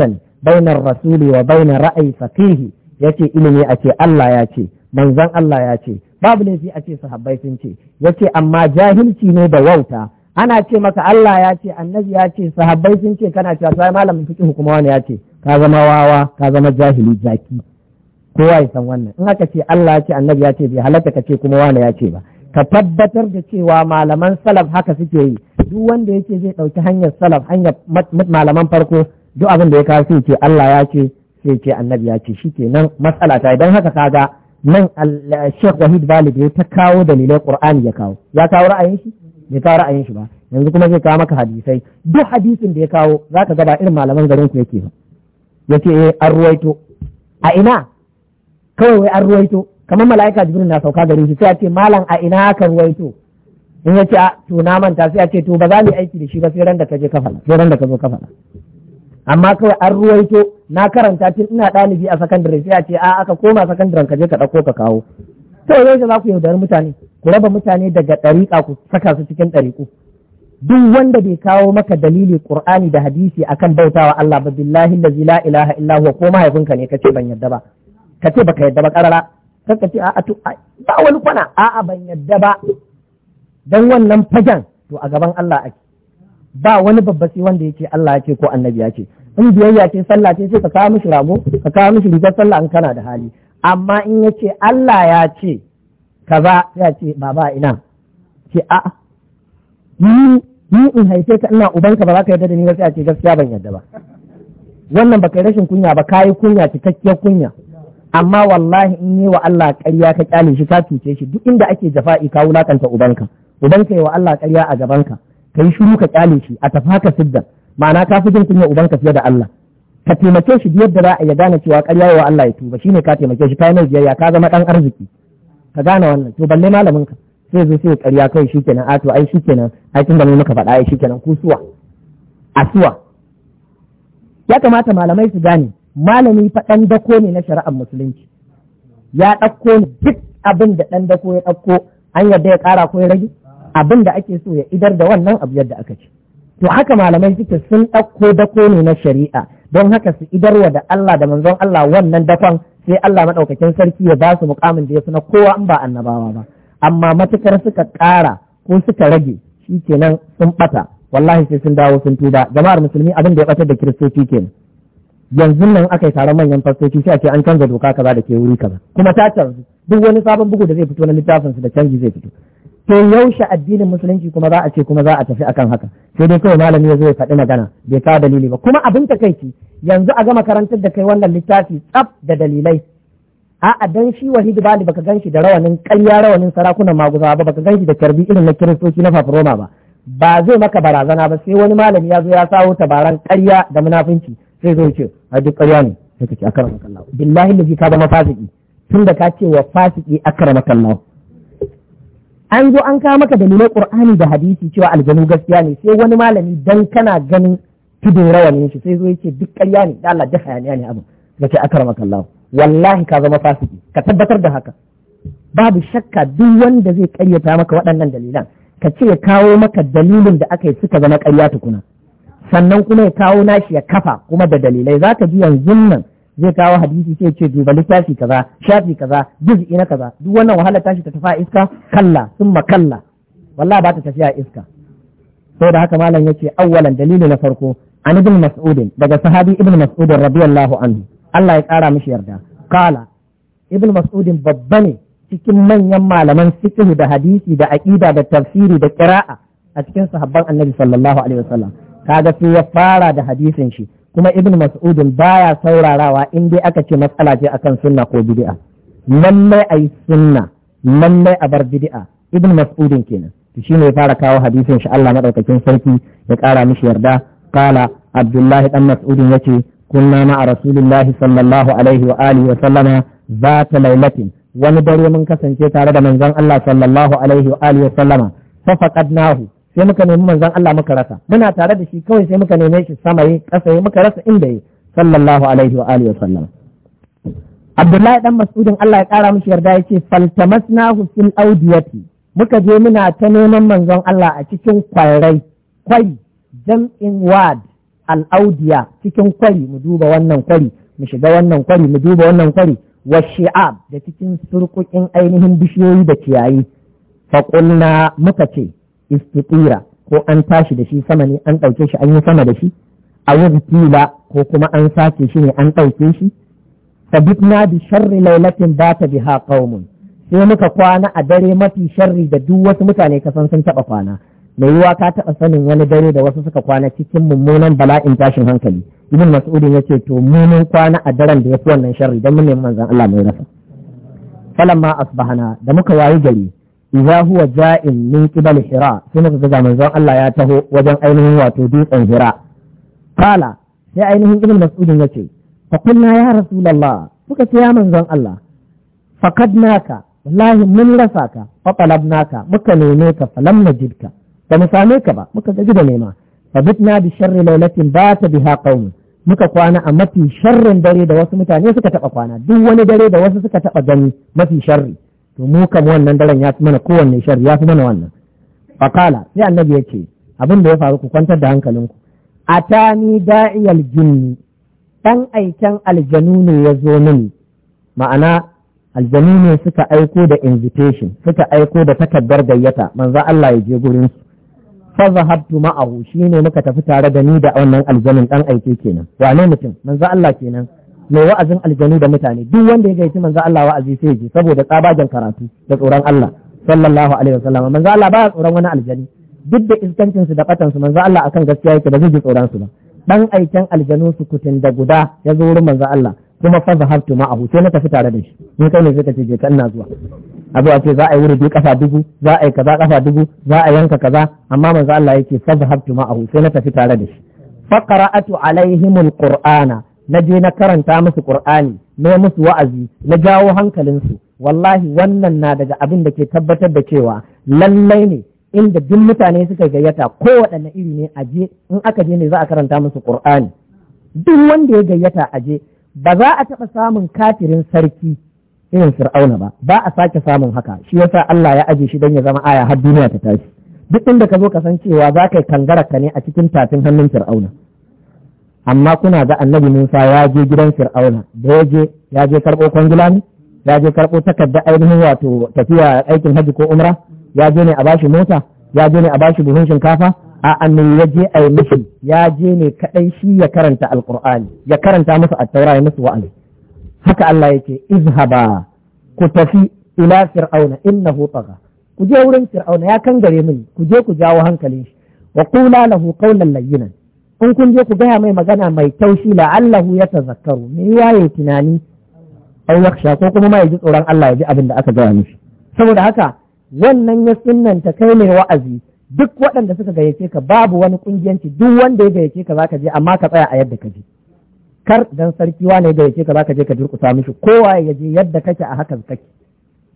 rasuli wa وبين ra'ayi فقيه yace ilimi a ce Allah ya ce manzon Allah ya ce babu laifi a ce sahabbai ce yace amma jahilci ne da wauta ana ce maka Allah ya ce annabi ya ce sahabbai sun ce kana cewa sai malamin fiqh kuma wani ya ce ka zama wawa ka zama jahili jaki kowa ya san wannan in aka ce Allah ya ce annabi ya ce bai halatta ka ce kuma wani ya ce ba ka tabbatar da cewa malaman salaf haka suke yi duk wanda yake zai ɗauki hanyar salaf hanyar malaman farko duk abin da ya kawo sai ce Allah ya ce sai ce annabi ya ce shikenan matsala ta idan haka kaga nan Sheikh Wahid Balid ya ta kawo dalilai Qur'ani ya kawo ya kawo ra'ayin shi bai kawo ra'ayin shi ba yanzu kuma zai kawo maka hadisai duk hadisin da ya kawo zaka ga ba irin malaman garin ku yake ba yace eh an ruwaito a ina kawai wai an ruwaito kamar mala'ika jibril na sauka gare shi sai a ce malam a ina aka ruwaito in ya ce to na manta sai a ce to ba za mu yi aiki da shi ba sai ran da ka je ka sai ran da ka zo ka amma kawai an ruwaito na karanta tun ina ɗalibi a sakandare sai a ce a aka koma sakandaren ka je ka ɗauko ka kawo to yaushe za ku yaudari mutane ku raba mutane daga ɗariƙa ku saka su cikin ɗariƙu duk wanda bai kawo maka dalili ƙur'ani da hadisi akan bautawa Allah ba billahi la ilaha illa huwa ko mahaifinka ne kace ban yadda ba kace baka yadda ba karara kaka ce a'a to ba wani kwana a'a ban yadda ba don wannan fagen to a gaban Allah ake ba wani babba sai wanda yake Allah yake ko annabi yake in biyayya ce sallah ce sai ka kawo mishi rago ka kawo mishi rigar sallah in kana da hali amma in yace Allah ya ce kaza ya ce ba ina ce a'a ni ni in haife ka ina ubanka ba za ka yarda da ni ba sai a ce gaskiya ban yadda ba wannan ba kai rashin kunya ba yi kunya cikakkiyar kunya amma wallahi in yi wa Allah ƙarya ka kyale shi ka cuce shi duk inda ake jafa'i ka wulakanta ubanka ubanka yi wa Allah ƙarya a gabanka ka yi shiru ka kyale shi a tafa ka sidda ma'ana ka fi jin kunya ubanka fiye da Allah ka taimake shi yadda za a ya gane cewa ƙarya wa Allah ya tuba shine ka taimake shi kai mai biyayya ka zama dan arziki ka gane wannan to balle malamin ka sai zo sai ƙarya kai shikenan a to ai shikenan ai da mu muka faɗa ai shikenan ku suwa asuwa ya kamata malamai su gane malami fa ɗan dako ne na shari'ar musulunci ya ɗauko ne duk abin da ɗan dako ya ɗauko an yarda ya ƙara ko ya rage abin da ake so ya idar da wannan abu yadda aka ce to haka malamai suke sun ɗauko dako ne na shari'a don haka su idarwa da Allah da manzon Allah wannan dakon sai Allah maɗaukakin sarki ya ba su mukamin da ya fi na kowa in ba annabawa ba amma matukar suka ƙara ko suka rage shi kenan sun ɓata wallahi sai sun dawo sun tuba jama'ar musulmi abin da ya ɓatar da kiristoci kenan yanzu nan aka yi taron manyan fastoci sai a ce an canza doka kaza da ke wuri kaza kuma ta canzu duk wani sabon bugu da zai fito na littafin su da canji zai fito to yaushe addinin musulunci kuma za a ce kuma za a tafi akan haka sai dai kawai malami ya zo ya faɗi magana bai kawo dalili ba kuma abin ta takaici yanzu a gama karantar da kai wannan littafi tsaf da dalilai a dan shi wahidi bali baka ganshi da rawanin ƙarya rawanin sarakunan maguza ba baka ganshi da karbi irin na kiristoci na fafroma ba ba zai maka barazana ba sai wani malami ya zo ya sawo tabaran ƙarya da munafunci sai zai ce a duk ƙarya ne sai ka ce akarama kallahu billahi lazi ka zama fasiki da ka ce wa fasiki akarama kallahu an zo an kawo maka dalilan qur'ani da hadisi cewa aljanu gaskiya ne sai wani malami dan kana ganin tudun rawanin shi sai zo yace duk ƙarya ne da Allah da hayaniya ne abu. ka ce akarama kallahu wallahi ka zama fasiki ka tabbatar da haka babu shakka duk wanda zai ƙaryata maka waɗannan dalilan ka ce ya kawo maka dalilin da aka yi suka zama ƙarya tukuna sannan kuma ya kawo nashi ya kafa kuma da dalilai za ka ji yanzu nan zai kawo hadisi sai ce duba littafi kaza shafi kaza juz'i na kaza duk wannan wahala tashi ta tafi a iska kalla summa kalla wallahi ba ta tafi a iska da haka malam yace awwalan dalili na farko an ibn mas'ud daga sahabi ibn mas'ud radiyallahu anhu Allah ya kara mishi yarda kala ibn mas'ud babba ne cikin manyan malaman fiqh da hadisi da aqida da tafsiri da qira'a a cikin sahabban annabi sallallahu alaihi wasallam kaga sai ya fara da hadisin shi kuma ibn mas'udin baya saurarawa in dai aka ce matsala ce akan sunna ko bid'a a yi sunna lallai a bar bid'a ibn mas'udin kenan to shine ya fara kawo hadisin shi Allah madaukakin sarki ya kara mishi yarda qala abdullahi dan mas'udin yace kunna ma'a rasulillahi sallallahu alaihi wa alihi wa sallama zata lailatin wani dare mun kasance tare da manzon Allah sallallahu alaihi wa alihi wa sallama fa faqadnahu sai muka nemi manzon Allah muka rasa muna tare da shi kawai sai muka neme shi sama yi ƙasa yi muka rasa inda yi sallallahu alaihi wa alihi wa sallam Abdullahi dan Mas'udin Allah ya kara mishi yarda yace faltamasnahu fil audiyati muka je muna ta neman manzon Allah a cikin kwarai kwari jam'in wad al audiya cikin kwari mu duba wannan kwari mu shiga wannan kwari mu duba wannan kwari wa shi'ab da cikin surkukin ainihin bishiyoyi da ciyayi fa muka ce istiqira ko an tashi da shi sama ne an ɗauke shi an yi sama da shi a wubtila ko kuma an sake shi ne an ɗauke shi fa na bi sharri ba bata biha qaumun sai muka kwana a dare mafi sharri da duk wasu mutane ka san sun taɓa kwana mai yiwa ka taɓa sanin wani dare da wasu suka kwana cikin mummunan bala'in tashin hankali ibn mas'udin ce to mu mun kwana a daren da ya fi wannan sharri Don mun ne manzon Allah mai rasa falamma asbahana da muka wayi gari iza huwa ja'in min qibal hira sai muka ga manzon Allah ya taho wajen ainihin wato dutsen hira kala sai ainihin ibn mas'udin yace fa kunna ya rasulullah suka ce ya manzon Allah naka. wallahi mun rasa ka fa talabnaka muka neme ka falam najidka ba mu same ka ba muka gaji da nema fa bitna bi sharri lailatin bata biha qaum muka kwana a mafi sharrin dare da wasu mutane suka taba kwana duk wani dare da wasu suka taba gani mafi sharri to mu kam wannan daren ya fi mana kowanne shar ya fi mana wannan fakala sai annabi ya ce abin da ya faru ku kwantar da hankalinku atani da'iyal jinni dan aiken aljanu ne ya zo mini ma'ana aljanu ne suka aiko da invitation suka aiko da takardar gayyata manza Allah ya je gurin su fa zahabtu ma'ahu shine muka tafi tare da ni da wannan aljanin dan aike kenan wane mutum manzo Allah kenan mai wa'azin aljanu da mutane duk wanda ya gaici manzo Allah wa'azi sai ya saboda tsabagen karatu da tsoron Allah sallallahu alaihi wasallam manzo Allah ba tsoron wani aljanu duk da iskancin su da batan su manzo Allah akan gaskiya yake ba zai ji tsoron su ba dan aikin aljanu su kutin da guda ya zo wurin manzo Allah kuma fa zahabtu ma'ahu sai na tafi tare da shi ni kai ne sai ka ce je kan na zuwa abu a ce za a yi wuri kafa dubu za a yi kaza kafa dubu za a yanka kaza amma manzo Allah yake fa zahabtu ma'ahu sai na tafi tare da shi fa qara'atu alaihimul qur'ana na je na karanta musu ƙur'ani na musu wa'azi na jawo hankalinsu wallahi wannan na daga abin da ke tabbatar da cewa lallai ne inda duk mutane suka gayyata kowaɗanne iri ne a je in aka je ne za a karanta musu ƙur'ani duk wanda ya gayyata a je ba za a taɓa samun kafirin sarki irin fir'auna ba ba a sake samun haka shi yasa Allah ya aje shi don ya zama aya har duniya ta tashi duk inda ka zo ka san cewa za ka yi kangara ka ne a cikin tafin hannun fir'auna amma kuna ga annabi Musa ya je gidan Fir'auna da ya je ya je karɓo kwangila ne ya je karɓo takarda ainihin wato tafiya aikin hajji ko umra ya je ne a bashi mota ya je ne a bashi buhun shinkafa a annabi ya je a yi mishi ya je ne kaɗai shi ya karanta alƙur'ani ya karanta musu attaura ya musu wa'azi haka Allah yake izhaba ku tafi ila fir'auna innahu tagha ku je wurin fir'auna ya kangare mini ku je ku jawo hankalin shi wa qula lahu qawlan layyinan in kun je ku gaya mai magana mai taushi la allahu ya tazakkaru me ya ya tunani aw yakhsha ko kuma ma ya ji tsoron Allah ya ji abin da aka gaya mishi saboda haka wannan ya ta kai mai wa'azi duk waɗanda suka gayyace ka babu wani ƙungiyanci, duk wanda ya gayyace ka zaka je amma ka tsaya a yadda ka je kar dan sarki wane ya gayyace ka zaka je ka durkusa mishi kowa ya je yadda kake a hakan kake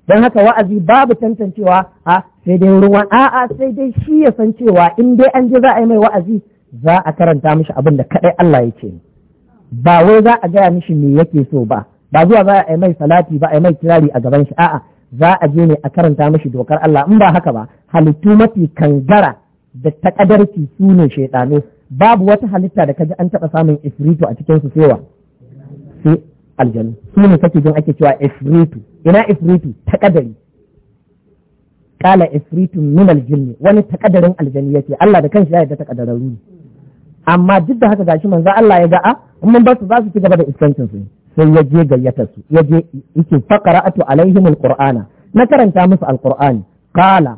don haka wa'azi babu tantancewa a sai dai ruwan a'a sai dai shi ya san cewa in dai an je za a yi mai wa'azi za a karanta mishi abin da kaɗai Allah ya ce ba wai za a gaya mishi me yake so ba ba zuwa za a yi mai salati ba a yi mai kirari a gaban shi a'a za a je ne a karanta mishi dokar Allah in ba haka ba halittu mafi kangara da takadarki su ne shaidanu babu wata halitta da kaji an taɓa samun ifritu a cikin su sewa sai aljanu su ne kake jin ake cewa ifritu ina ifritu takadari kala ifritu min aljinni wani takadarin aljanni yake Allah da kanshi ya yarda takadararru ne amma duk da haka gashi manzo Allah ya ga a ah, in mun basu za su ci gaba da iskancin su sai ya je gayyata su ya je yake faqara'atu alaihim alqur'ana na karanta musu alqur'ani qala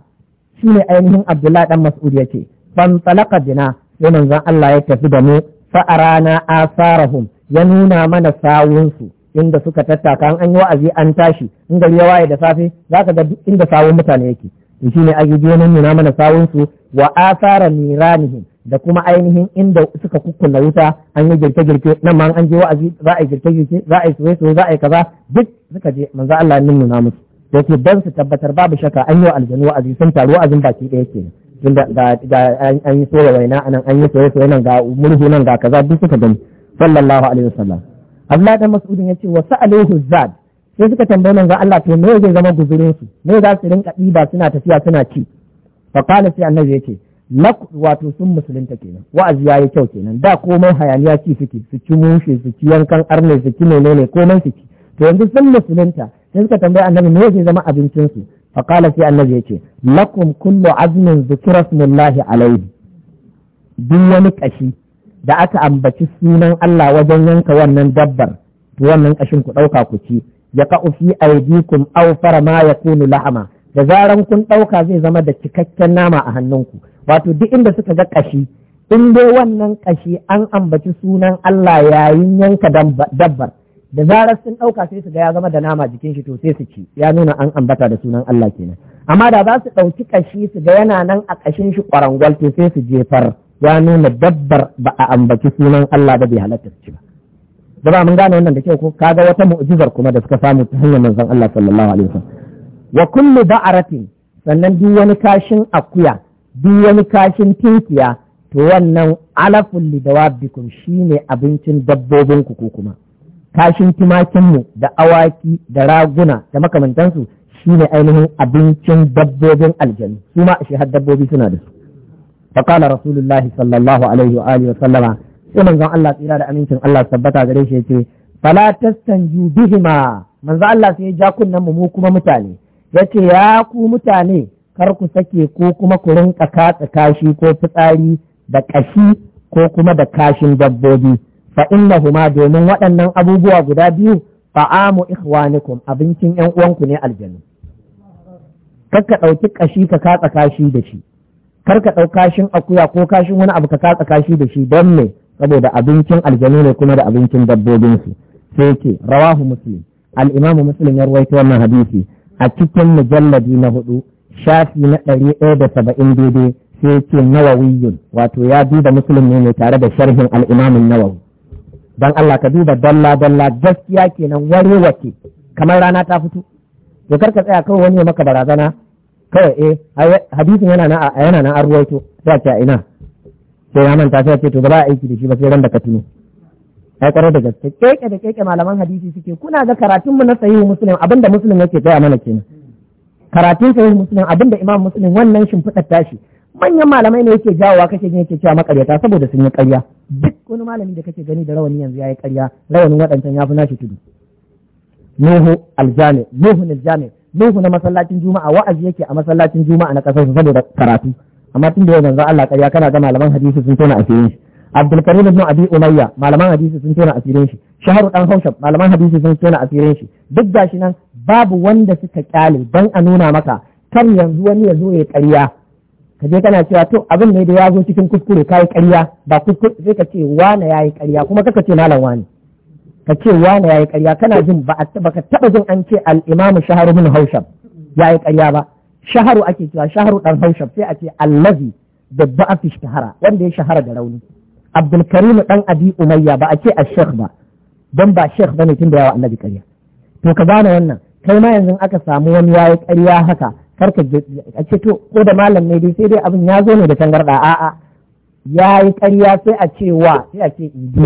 shine ainihin Abdullahi dan Mas'ud yace fan talaqa bina sai manzon Allah ya tafi da mu fa arana asarahum ya nuna mana sawunsu inda suka tattaka an yi wa'azi an tashi in gari ya waye da safe zaka ga duk inda sawun mutane yake shine ayyubi ya nuna mana sawunsu wa asara miranihim da kuma ainihin inda suka kukkula wuta an yi girke-girke nan ma an je wa'azi za a yi girke-girke za a yi soye-soye za a yi kaza duk suka je manzo Allah ya nuna musu da ke dan su tabbatar babu shakka an yi wa aljanu wa'azi sun taru wa'azin baki ɗaya ke tun da an yi soya waina anan an yi soye-soye nan ga murhu nan ga kaza duk suka gani sallallahu alaihi wasallam Allah dan Mas'udin ya ce wa sa'aluhu zad sai suka tambaye manzo Allah to me zai zama guzurin su me za su rinka ɗiba suna tafiya suna ci fa qala sai annabi ya ce na wato sun musulunta kenan wa'azi yayi kyau kenan da komai hayaniya ci suke su ci mushe su ci yankan arne su ci menene komai su to yanzu sun musulunta sai suka tambayi annabi me yake zama abincin su fa qala sai annabi yace lakum kullu azmin zikra smillahi alayhi duk wani kashi da aka ambaci sunan Allah wajen yanka wannan dabbar to wannan kashin ku dauka ku ci ya ka'u fi aydikum aw fara ma yakunu lahama da zaran kun dauka zai zama da cikakken nama a hannunku wato duk inda suka ga kashi in dai wannan kashi an ambaci sunan Allah yayin yanka dabbar da zarar sun ɗauka sai su ga ya zama da nama jikin shi to sai su ci ya nuna an ambata da sunan Allah kenan amma da za su ɗauki kashi su ga yana nan a kashin shi kwarangwal to sai su jefar ya nuna dabbar ba a ambaci sunan Allah ba bai halatta su ci ba da ba mun gane wannan da kyau ko kaga wata mu'jizar kuma da suka samu ta hanyar manzon Allah sallallahu alaihi wasallam wa kullu ba'ratin sannan duk wani kashin akuya duk wani kashin tinkiya to wannan alafun shi shine abincin dabbobin ku kuma kashin tumakinmu da awaki da raguna da makamantansu shine ainihin abincin dabbobin aljanu su ma shi har dabbobi suna da su faqala rasulullahi sallallahu alaihi wa alihi wa sallama sai manzon Allah tsira da amincin Allah tabbata gare shi yace fala tastanju bihima manzon Allah sai ya ja kunnan mu kuma mutane yace ya ku mutane kar ku sake ko kuma ku rinka katsa kashi ko fitsari da kashi ko kuma da kashin dabbobi fa innahuma domin waɗannan abubuwa guda biyu fa'amu ikhwanikum abincin yan uwanku ne aljanu kar ka ɗauki kashi ka katsa kashi da shi kar ka ɗauki kashin akuya ko kashin wani abu ka katsa kashi da shi don me saboda abincin aljanu ne kuma da abincin dabbobinsu sai rawa rawahu muslim al-imamu muslim ya wannan hadisi a cikin mujalladi na hudu shafi na ɗari ɗaya da saba'in daidai sai yake nawawiyun wato ya duba musulmi ne tare da sharhin al'imamin nawawi don Allah ka duba dalla dalla gaskiya kenan wani wace kamar rana ta fito to kar ka tsaya kawai wani ya maka barazana kawai eh hadisin yana nan yana nan an ruwaito sai a ina sai ya manta sai ce to ba aiki da shi ba sai ran da ka tuno ai kwarar da gaske keke da keke malaman hadisi suke kuna ga karatun mu na sahihu muslim abinda muslim yake gaya mana kenan karatun sahih muslim abinda imam muslim wannan shimfiɗar tashi manyan malamai ne yake jawowa kake gani yake cewa makaryata saboda sun yi karya duk wani malami da kake gani da rawani yanzu yayi karya rawanin waɗancan ya fi nashi tudu nuhu aljami nuhu aljami nuhu na masallacin juma'a wa'azi yake a masallacin juma'a na kasar saboda karatu amma tun da yau zo Allah ƙarya kana ga malaman hadisi sun tona a cikin shi Abdulkarim ibn Abi Umayya malaman hadisi sun tona asirin shi Shaharu ɗan Haushab malaman hadisi sun tona asirin shi duk gashi nan babu wanda suka kyale dan a nuna maka kar yanzu wani ya zo ya ƙarya ka je kana cewa to abin ne da ya zo cikin kuskure kai karya ba kuskure sai ka ce wane yayi ƙarya kuma kaka ce malam wani ka ce wane yayi ƙarya kana jin ba ka taba jin an ce al-Imam Shaharu ibn Haushab yayi ƙarya ba shaharu ake cewa shaharu dan Haushab sai a ce allazi da ba'a fi shahara wanda ya shahara da rauni Abdulkarim ɗan Abi Umayya ba a ce a Sheikh ba don ba Sheikh ne tun da yawa annabi ƙarya to ka gane wannan kai ma yanzu aka samu wani yayi ƙarya haka kar ka a ce to ko da malam ne dai sai dai abin ya zo ne da tangarɗa a'a yayi ƙarya sai a ce wa sai a ce idi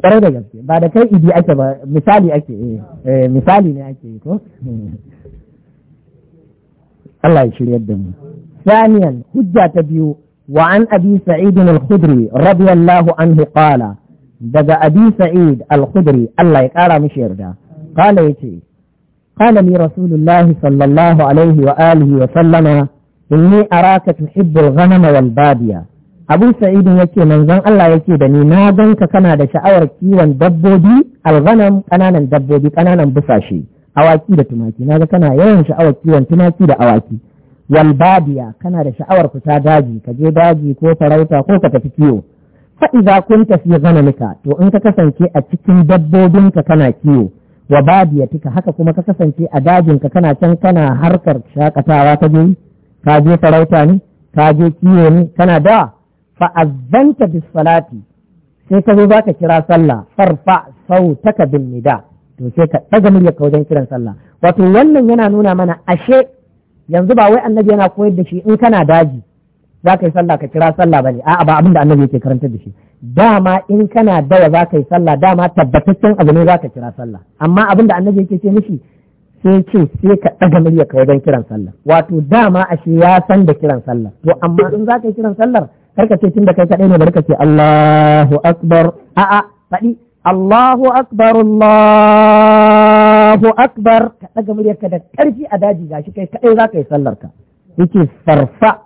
ƙwarai da gaske ba da kai idi ake ba misali ake eh, eh, misali ne ake ko Allah ya shirya da mu. Saniyan hujja ta biyu وعن أبي سعيد الخدري رضي الله عنه قال دقى أبي سعيد الخدري الله يقارى مشير دا قال يتي قال لي رسول الله صلى الله عليه وآله وسلم إني أراك تحب الغنم والبادية أبو سعيد يكي من زن الله يكي دني نادن كنا دا شعور كيوان دبودي الغنم كنانا دبودي كنانا بساشي أواكي دا تماكي نادن كنا يوان شعور كيوان تماكي دا أواكي walbadiya kana da sha'awar fita daji ka je daji ko farauta ko ka tafi kiwo fa idza kunta fi ghanamika to in ka kasance a cikin dabbobinka kana kiwo wa badiyatika haka kuma ka kasance a dajinka kana can kana harkar shakatawa je ka je farauta ne ka je kiwo ne kana da fa azzanta bis salati sai ka zo zaka kira sallah farfa sautaka bin nida to sai ka daga muryarka wajen kiran sallah wato wannan yana nuna mana ashe yanzu ba wai annabi yana koyar da shi in kana daji za ka yi sallah ka kira sallah ba ne. a'a ba abin annabi yake karantar da shi dama in kana dawa za ka yi sallah dama tabbataccen abu ne za ka kira sallah amma abin da annabi yake ce mishi sai ce sai ka ɗaga murya ka wajen kiran sallah wato dama ashe ya san da kiran sallah to amma in za ka yi kiran sallar kar ka ce tun da kai kaɗai ne bari ka ce Allahu akbar a'a faɗi Allahu akbar Allahu akbar ka daga muryarka da karfi a daji shi kai kaɗai, za ka yi sallar ka yake farfa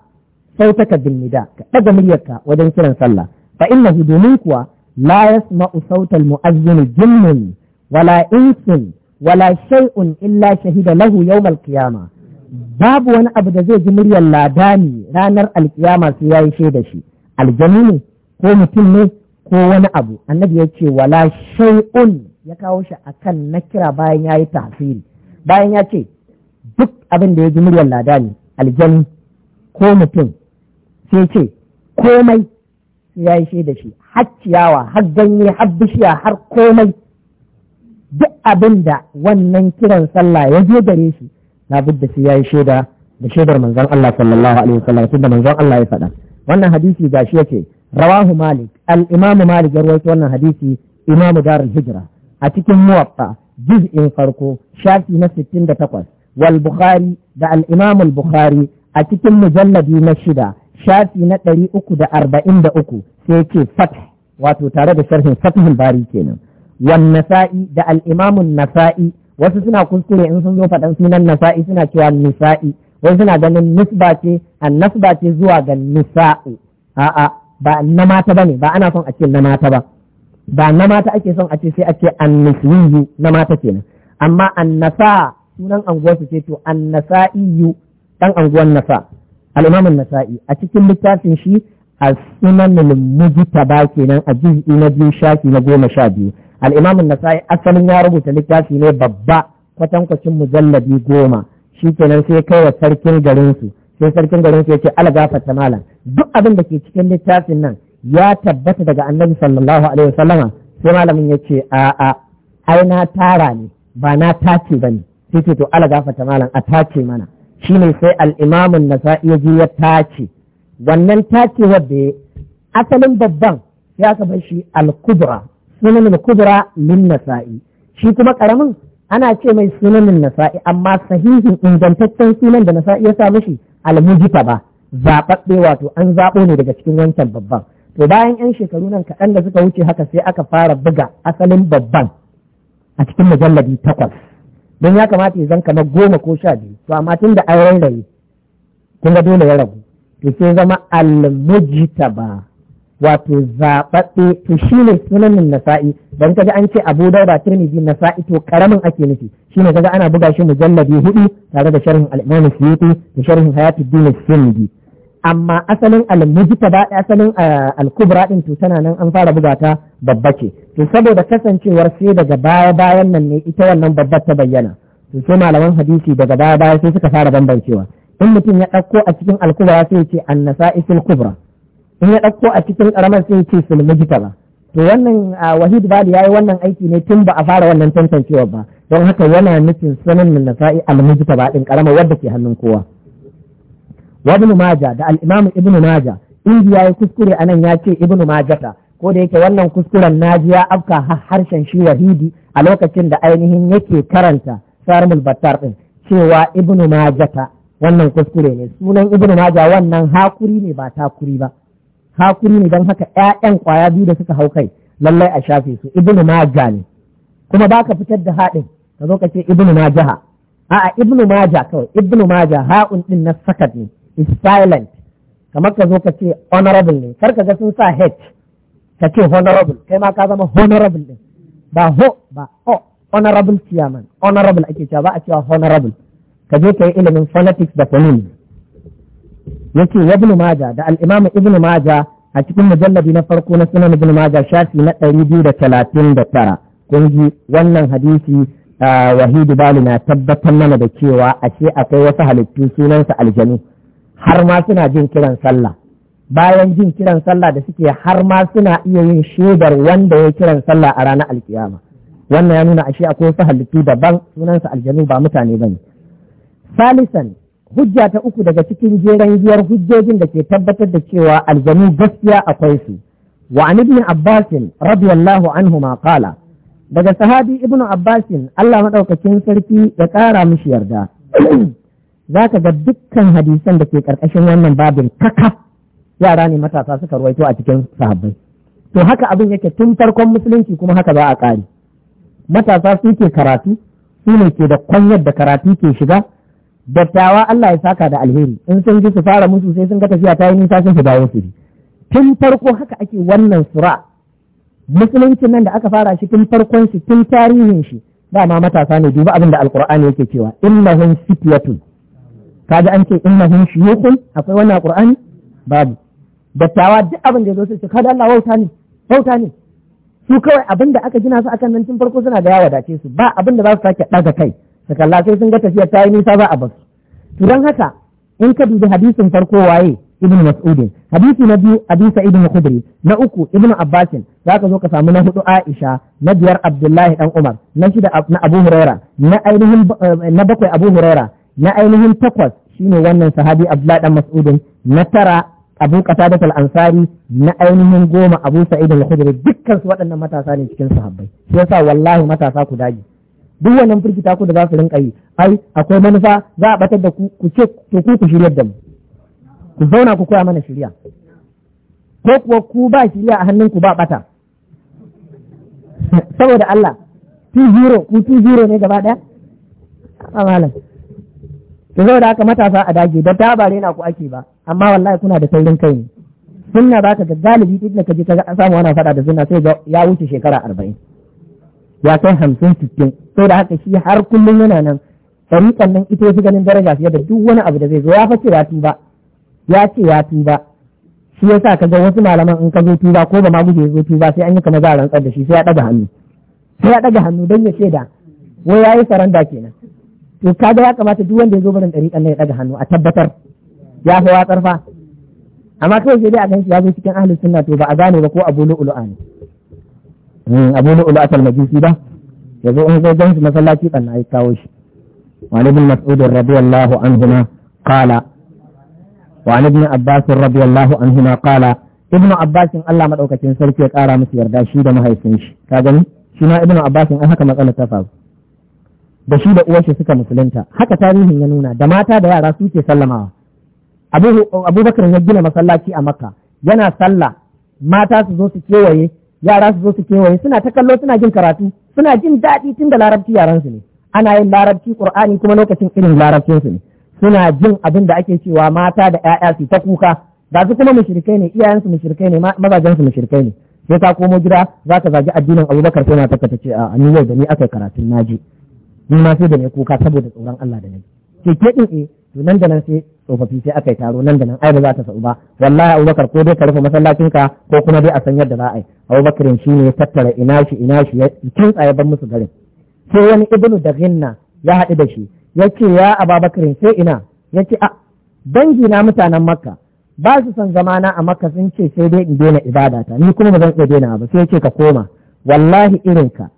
sautaka bin nida ka daga muryarka wajen kiran sallah fa innahu domin kuwa la yasma'u sautal mu'azzin jinnun wala insin wala shay'un illa shahida lahu yawmal qiyamah babu wani abu da zai ji muryar ladani ranar alkiyama sai yayi shaida shi aljanu ne ko mutum ne ko wani abu annabi ya ce wala shay'un ya kawo shi akan na kira bayan ya yi tafsiri bayan ya ce duk abin da ya ji muryar ladani aljani ko mutum sai ce komai ya yi da shi har ciyawa har ganye har bishiya har komai duk abin da wannan kiran sallah ya je gare shi da shi ya yi shaida da shaidar manzon Allah sallallahu alaihi wasallam tunda manzon Allah ya faɗa wannan hadisi gashi yake rawahu malik al-imam malik ya rawaito wannan hadisi imam darul hijira a cikin muwatta juz'in farko shafi na sittin 68 wal bukhari da al-imam al-bukhari a cikin mujalladi na shida shafi na ɗari da arba'in uku sai ce fath wato tare da sharhin fathul bari kenan wan nasa'i da al-imam an-nasa'i wasu suna kuskure in sun zo faɗan sunan nasa'i suna cewa nisa'i wasu suna ganin nisba ce an zuwa ga nisa'u a'a ba na mata ba ne ba ana son a ce na mata ba ba na mata ake son a ce sai a ce annasiyu na mata kenan amma annasa sunan anguwar su ce to annasa'iyu ɗan anguwar nasa al-imam an a cikin littafin shi a sunan al-mujtaba kenan a juz'i na biyu shafi na goma sha biyu al-imam an-nasa'i asalin ya rubuta littafi ne babba kwatankwacin mujalladi goma shi kenan sai kai wa sarkin garinsu. sai sarkin garin ya ce algafarta malam duk abin da ke cikin littafin nan ya tabbata daga annabi sallallahu alaihi wasallama sai malamin ya ce a'a ai na tara ne ba na tace bane sai ce to algafarta malam a tace mana shine sai al-imamun nasa'i ya je ya tace wannan tacewar da asalin babban ya ka bar shi al-kubra sunan al-kubra lin nasa'i shi kuma karamin ana ce mai sunanin nasa'i amma sahihin ingantaccen sunan da nasa'i ya sa mishi almujifa ba zaɓaɓɓe wato an zaɓo ne daga cikin wancan babban to bayan yan shekaru nan kaɗan da suka wuce haka sai aka fara buga asalin babban a cikin mujalladi takwas don ya kamata ya zan kamar goma ko sha biyu to amma tun da an rairaye kun ga dole ya ragu to sai zama ba. wato zaɓaɓɓe to shi ne sunanin nasa'i don kaga an ce abu dauda tirmidhi nasa'i to karamin ake nufi shi ne kaga ana buga shi mujalladi hudu tare da sharhin al-imam suyuti da sharhin hayatuddin suyuti amma asalin al-mujtaba asalin eh, al-kubra din to tana nan an fara buga ta babba ce to saboda kasancewar sai daga baya bayan nan ne ita wannan babbar ta bayyana to sai malaman hadisi daga baya baya sai suka fara bambancewa in mutum ya ɗauko a cikin al-kubra sai ya ce an-nasa'i fil kubra in ya ɗauko a cikin ƙaramar sai ce na gita ba to wannan wahid bali ya yi wannan aiki ne tun ba a fara wannan tantancewa ba don haka yana nufin sanin na nasa'i al-mujta ba ɗin ƙaramar wadda ke hannun kowa wa ibn majah da al-imam ibn majah kuskure anan ya ce ibn ta ko da yake wannan kuskuren naji ya afka harshen shi wahidi a lokacin da ainihin yake karanta sarmul battar ɗin. cewa ibn ta wannan kuskure ne sunan ibn majah wannan hakuri ne ba takuri ba hakuri ne don haka ƴaƴan ƙwaya biyu da suka hau kai lallai a shafe su ibnu maja ne kuma baka fitar da haɗin ka zo ka ce ibnu majaha a'a ibnu maja kawai ibnu maja ha'un din na sakat ne is silent kamar ka zo ka ce honorable ne kar ka ga sun sa h ka ce honorable kai ma ka zama honorable din ba ho ba o honorable chairman honorable ake cewa ba a cewa honorable ka je ka yi ilimin phonetics da phoneme yace ibn maja da al-imam ibn maja a cikin mujalladi na farko na sunan ibn maja shafi na ɗari biyu da talatin da tara kun ji wannan hadisi wahidu bali na tabbatar mana da cewa ashe akwai wasu halittu sunansa aljanu har ma suna jin kiran sallah bayan jin kiran sallah da suke har ma suna iya yin shaidar wanda ya kiran sallah a ranar alkiyama wannan ya nuna ashe akwai wasu halittu daban sunansa aljanu ba mutane bane salisan hujja ta uku daga cikin jeren giyar hujjojin da ke tabbatar da cewa aljanu gaskiya akwai su wa an ibn abbas radiyallahu anhu ma qala daga sahabi ibn abbas Allah madaukakin sarki ya kara mishi yarda zaka ga dukkan hadisan da ke karkashin wannan babin kaka yara ne matasa suka ruwaito a cikin sahabbai to haka abin yake tun farkon musulunci kuma haka za a kare matasa su ke karatu su ne ke da kwanyar da karatu ke shiga dattawa Allah ya saka da alheri in sun ji su fara musu sai sun ga tafiya ta yi nisa sun su dawo su tun farko haka ake wannan sura musulunci nan da aka fara shi tun farkon shi tun tarihin shi dama matasa ne duba abin da alqur'ani yake cewa innahum sitiyatun kaga an ce innahum shuyukun akwai wannan alqur'ani babu dattawa duk abin da ya zo su ce kada Allah wauta ne wauta ne su kawai abin da aka gina su akan nan tun farko suna da yawa dace su ba abin da za su sake ɗaga kai da kalla sai sun ga tafiyar ta yi nisa ba a basu to haka in ka dubi hadisin farko waye ibn mas'udin hadisi na biyu abi sa'id khudri na uku ibn abbas zaka zo ka samu na hudu aisha na biyar abdullahi dan umar na shida na abu huraira na ainihin eh, na bakwai abu huraira na ainihin takwas shine wannan sahabi abdullahi dan mas'udin na tara abu qatada al-ansari na ainihin goma abu sa'id al-khudri dukkan su waɗannan matasa ne cikin sahabbai sai yasa wallahi matasa ku daji. duk wannan firgita ku da za su rinka yi ai akwai manufa za a batar da ku ku ce to ku ku shirya da mu ku zauna ku koya mana shirya ko kuwa ku ba shirya a hannunku ba bata saboda Allah two zero ku two zero ne gaba daya a malam to saboda haka matasa a dage da ta bare na ku ake ba amma wallahi kuna da saurin kai ne sunna za ka ga galibi duk da ka je ka samu wani faɗa da sunna sai ya wuce shekara arba'in ya kai hamsin cikin sai da haka shi har kullum yana nan tariƙan nan ita yafi ganin daraja fiye da duk wani abu da zai zo ya fa ce ya tuba ya ce ya tuba shi yasa ka ga wasu malaman in ka zo tuba ko ba ma guje zo tuba sai an yi kamar za a rantsar da shi sai ya ɗaga hannu sai ya ɗaga hannu don ya shaida wai ya yi saranda kenan to kaga ya kamata duk wanda ya zo barin ɗariƙan nan ya ɗaga hannu a tabbatar ya fi watsar fa amma kawai sai dai a ganshi ya zo cikin ahlin sunna to ba a gane ba ko abu ulu'a ne abu lu'ulu asal majusi ba yazo in zai gan masallaci kan ai kawo shi wa ibn mas'ud radiyallahu anhuma kala. wa ibn abbas radiyallahu anhuma kala. ibn abbas Allah maɗaukacin sarki ya kara musu yarda shi da mahaifin shi ka gani shi ma ibn abbas an haka matsalar ta faru da shi da uwar suka musulunta haka tarihin ya nuna da mata da yara su ke sallamawa abubakar ya gina masallaci a makka yana sallah mata su zo su kewaye yara su zo su kewaye suna ta kallo suna jin karatu suna jin daɗi tun da larabci yaran su ne ana yin larabci qur'ani kuma lokacin irin larabcin su ne suna jin abin da ake cewa mata da ƴaƴa su ta kuka ba su kuma mushrikai ne iyayen su mushrikai ne mazajen su mushrikai ne sai ka komo gida za ka zagi addinin Abubakar sai na ce a ni yau da ni aka karatun naji ni ma sai da ne kuka saboda tsoron Allah da nabi ke ke din eh to nan da nan sai tsofaffi sai aka yi taro nan da nan ai ba za ta sa'u ba wallahi abubakar ko dai ka rufe masallacin ka ko kuma dai a san yadda za a yi abubakar shi ne ya tattara ina shi ina shi ya kintsa ya bar musu garin sai wani ibnu da ginna ya haɗu da shi ya ce ya ababakar sai ina ya ce a ah, dangi na mutanen makka ba su son zamana a makka sun ce sai dai in daina ibadata ni kuma ba zan iya daina ba sai ya ce ka koma wallahi irinka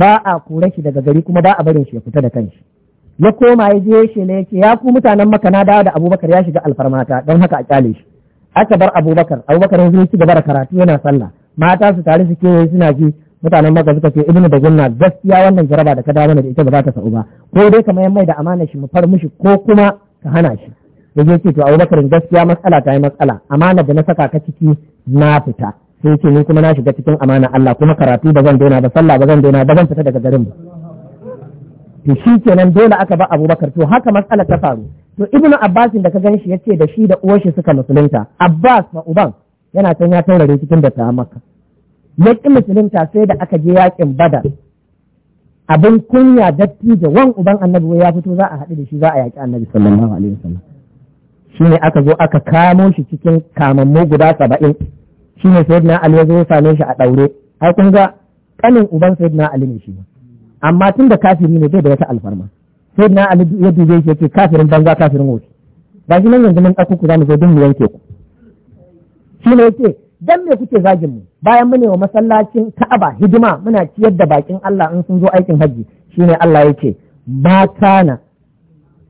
ba a kura shi daga gari kuma ba a barin shi ya fita da kanshi ya koma ya je shi ne yake ya ku mutanen maka na dawo da abubakar ya shiga alfarmata don haka a kyale shi aka bar abubakar abubakar yanzu ci gaba da karatu yana sallah mata su tare su kewaye suna ji mutanen maka suka ce ibnu da gunna gaskiya wannan jaraba da ka dawo mana da ita ba za ta sa'u ba ko dai kamar mai da amana shi mu far mushi ko kuma ka hana shi ya je ce to abubakar gaskiya matsala ta yi matsala amana da na saka ka ciki na fita sai ce ni kuma na shiga cikin amana Allah kuma karatu ba zan daina ba sallah ba zan daina ba zan fita daga garin ba to shi kenan dole aka ba abubakar to haka matsala ta faru to ibnu abbas da ka ganshi yace da shi da uwar shi suka musulunta abbas ma uban yana can ya taurare cikin da ta maka yaki musulunta sai da aka je yakin badar abin kunya dattijo wan uban annabi ya fito za a haɗu da shi za a yaki annabi sallallahu alaihi wasallam ne aka zo aka kamo shi cikin kamammu guda saba'in ne sayyidina ali ya zo ya same shi a ɗaure ai kun ga kanin uban sayyidina ali ne shi ne. amma tun da kafiri ne bai da wata alfarma sai na ali ya dube shi yace kafirin banza kafirin wuce. ba shi nan yanzu mun ɗauko ku za mu zo don mu yanke ku shi ne yace dan me kuke zagin mu bayan mune wa masallacin ta'aba hidima muna ciyar da bakin Allah in sun zo aikin hajji ne Allah mata ma kana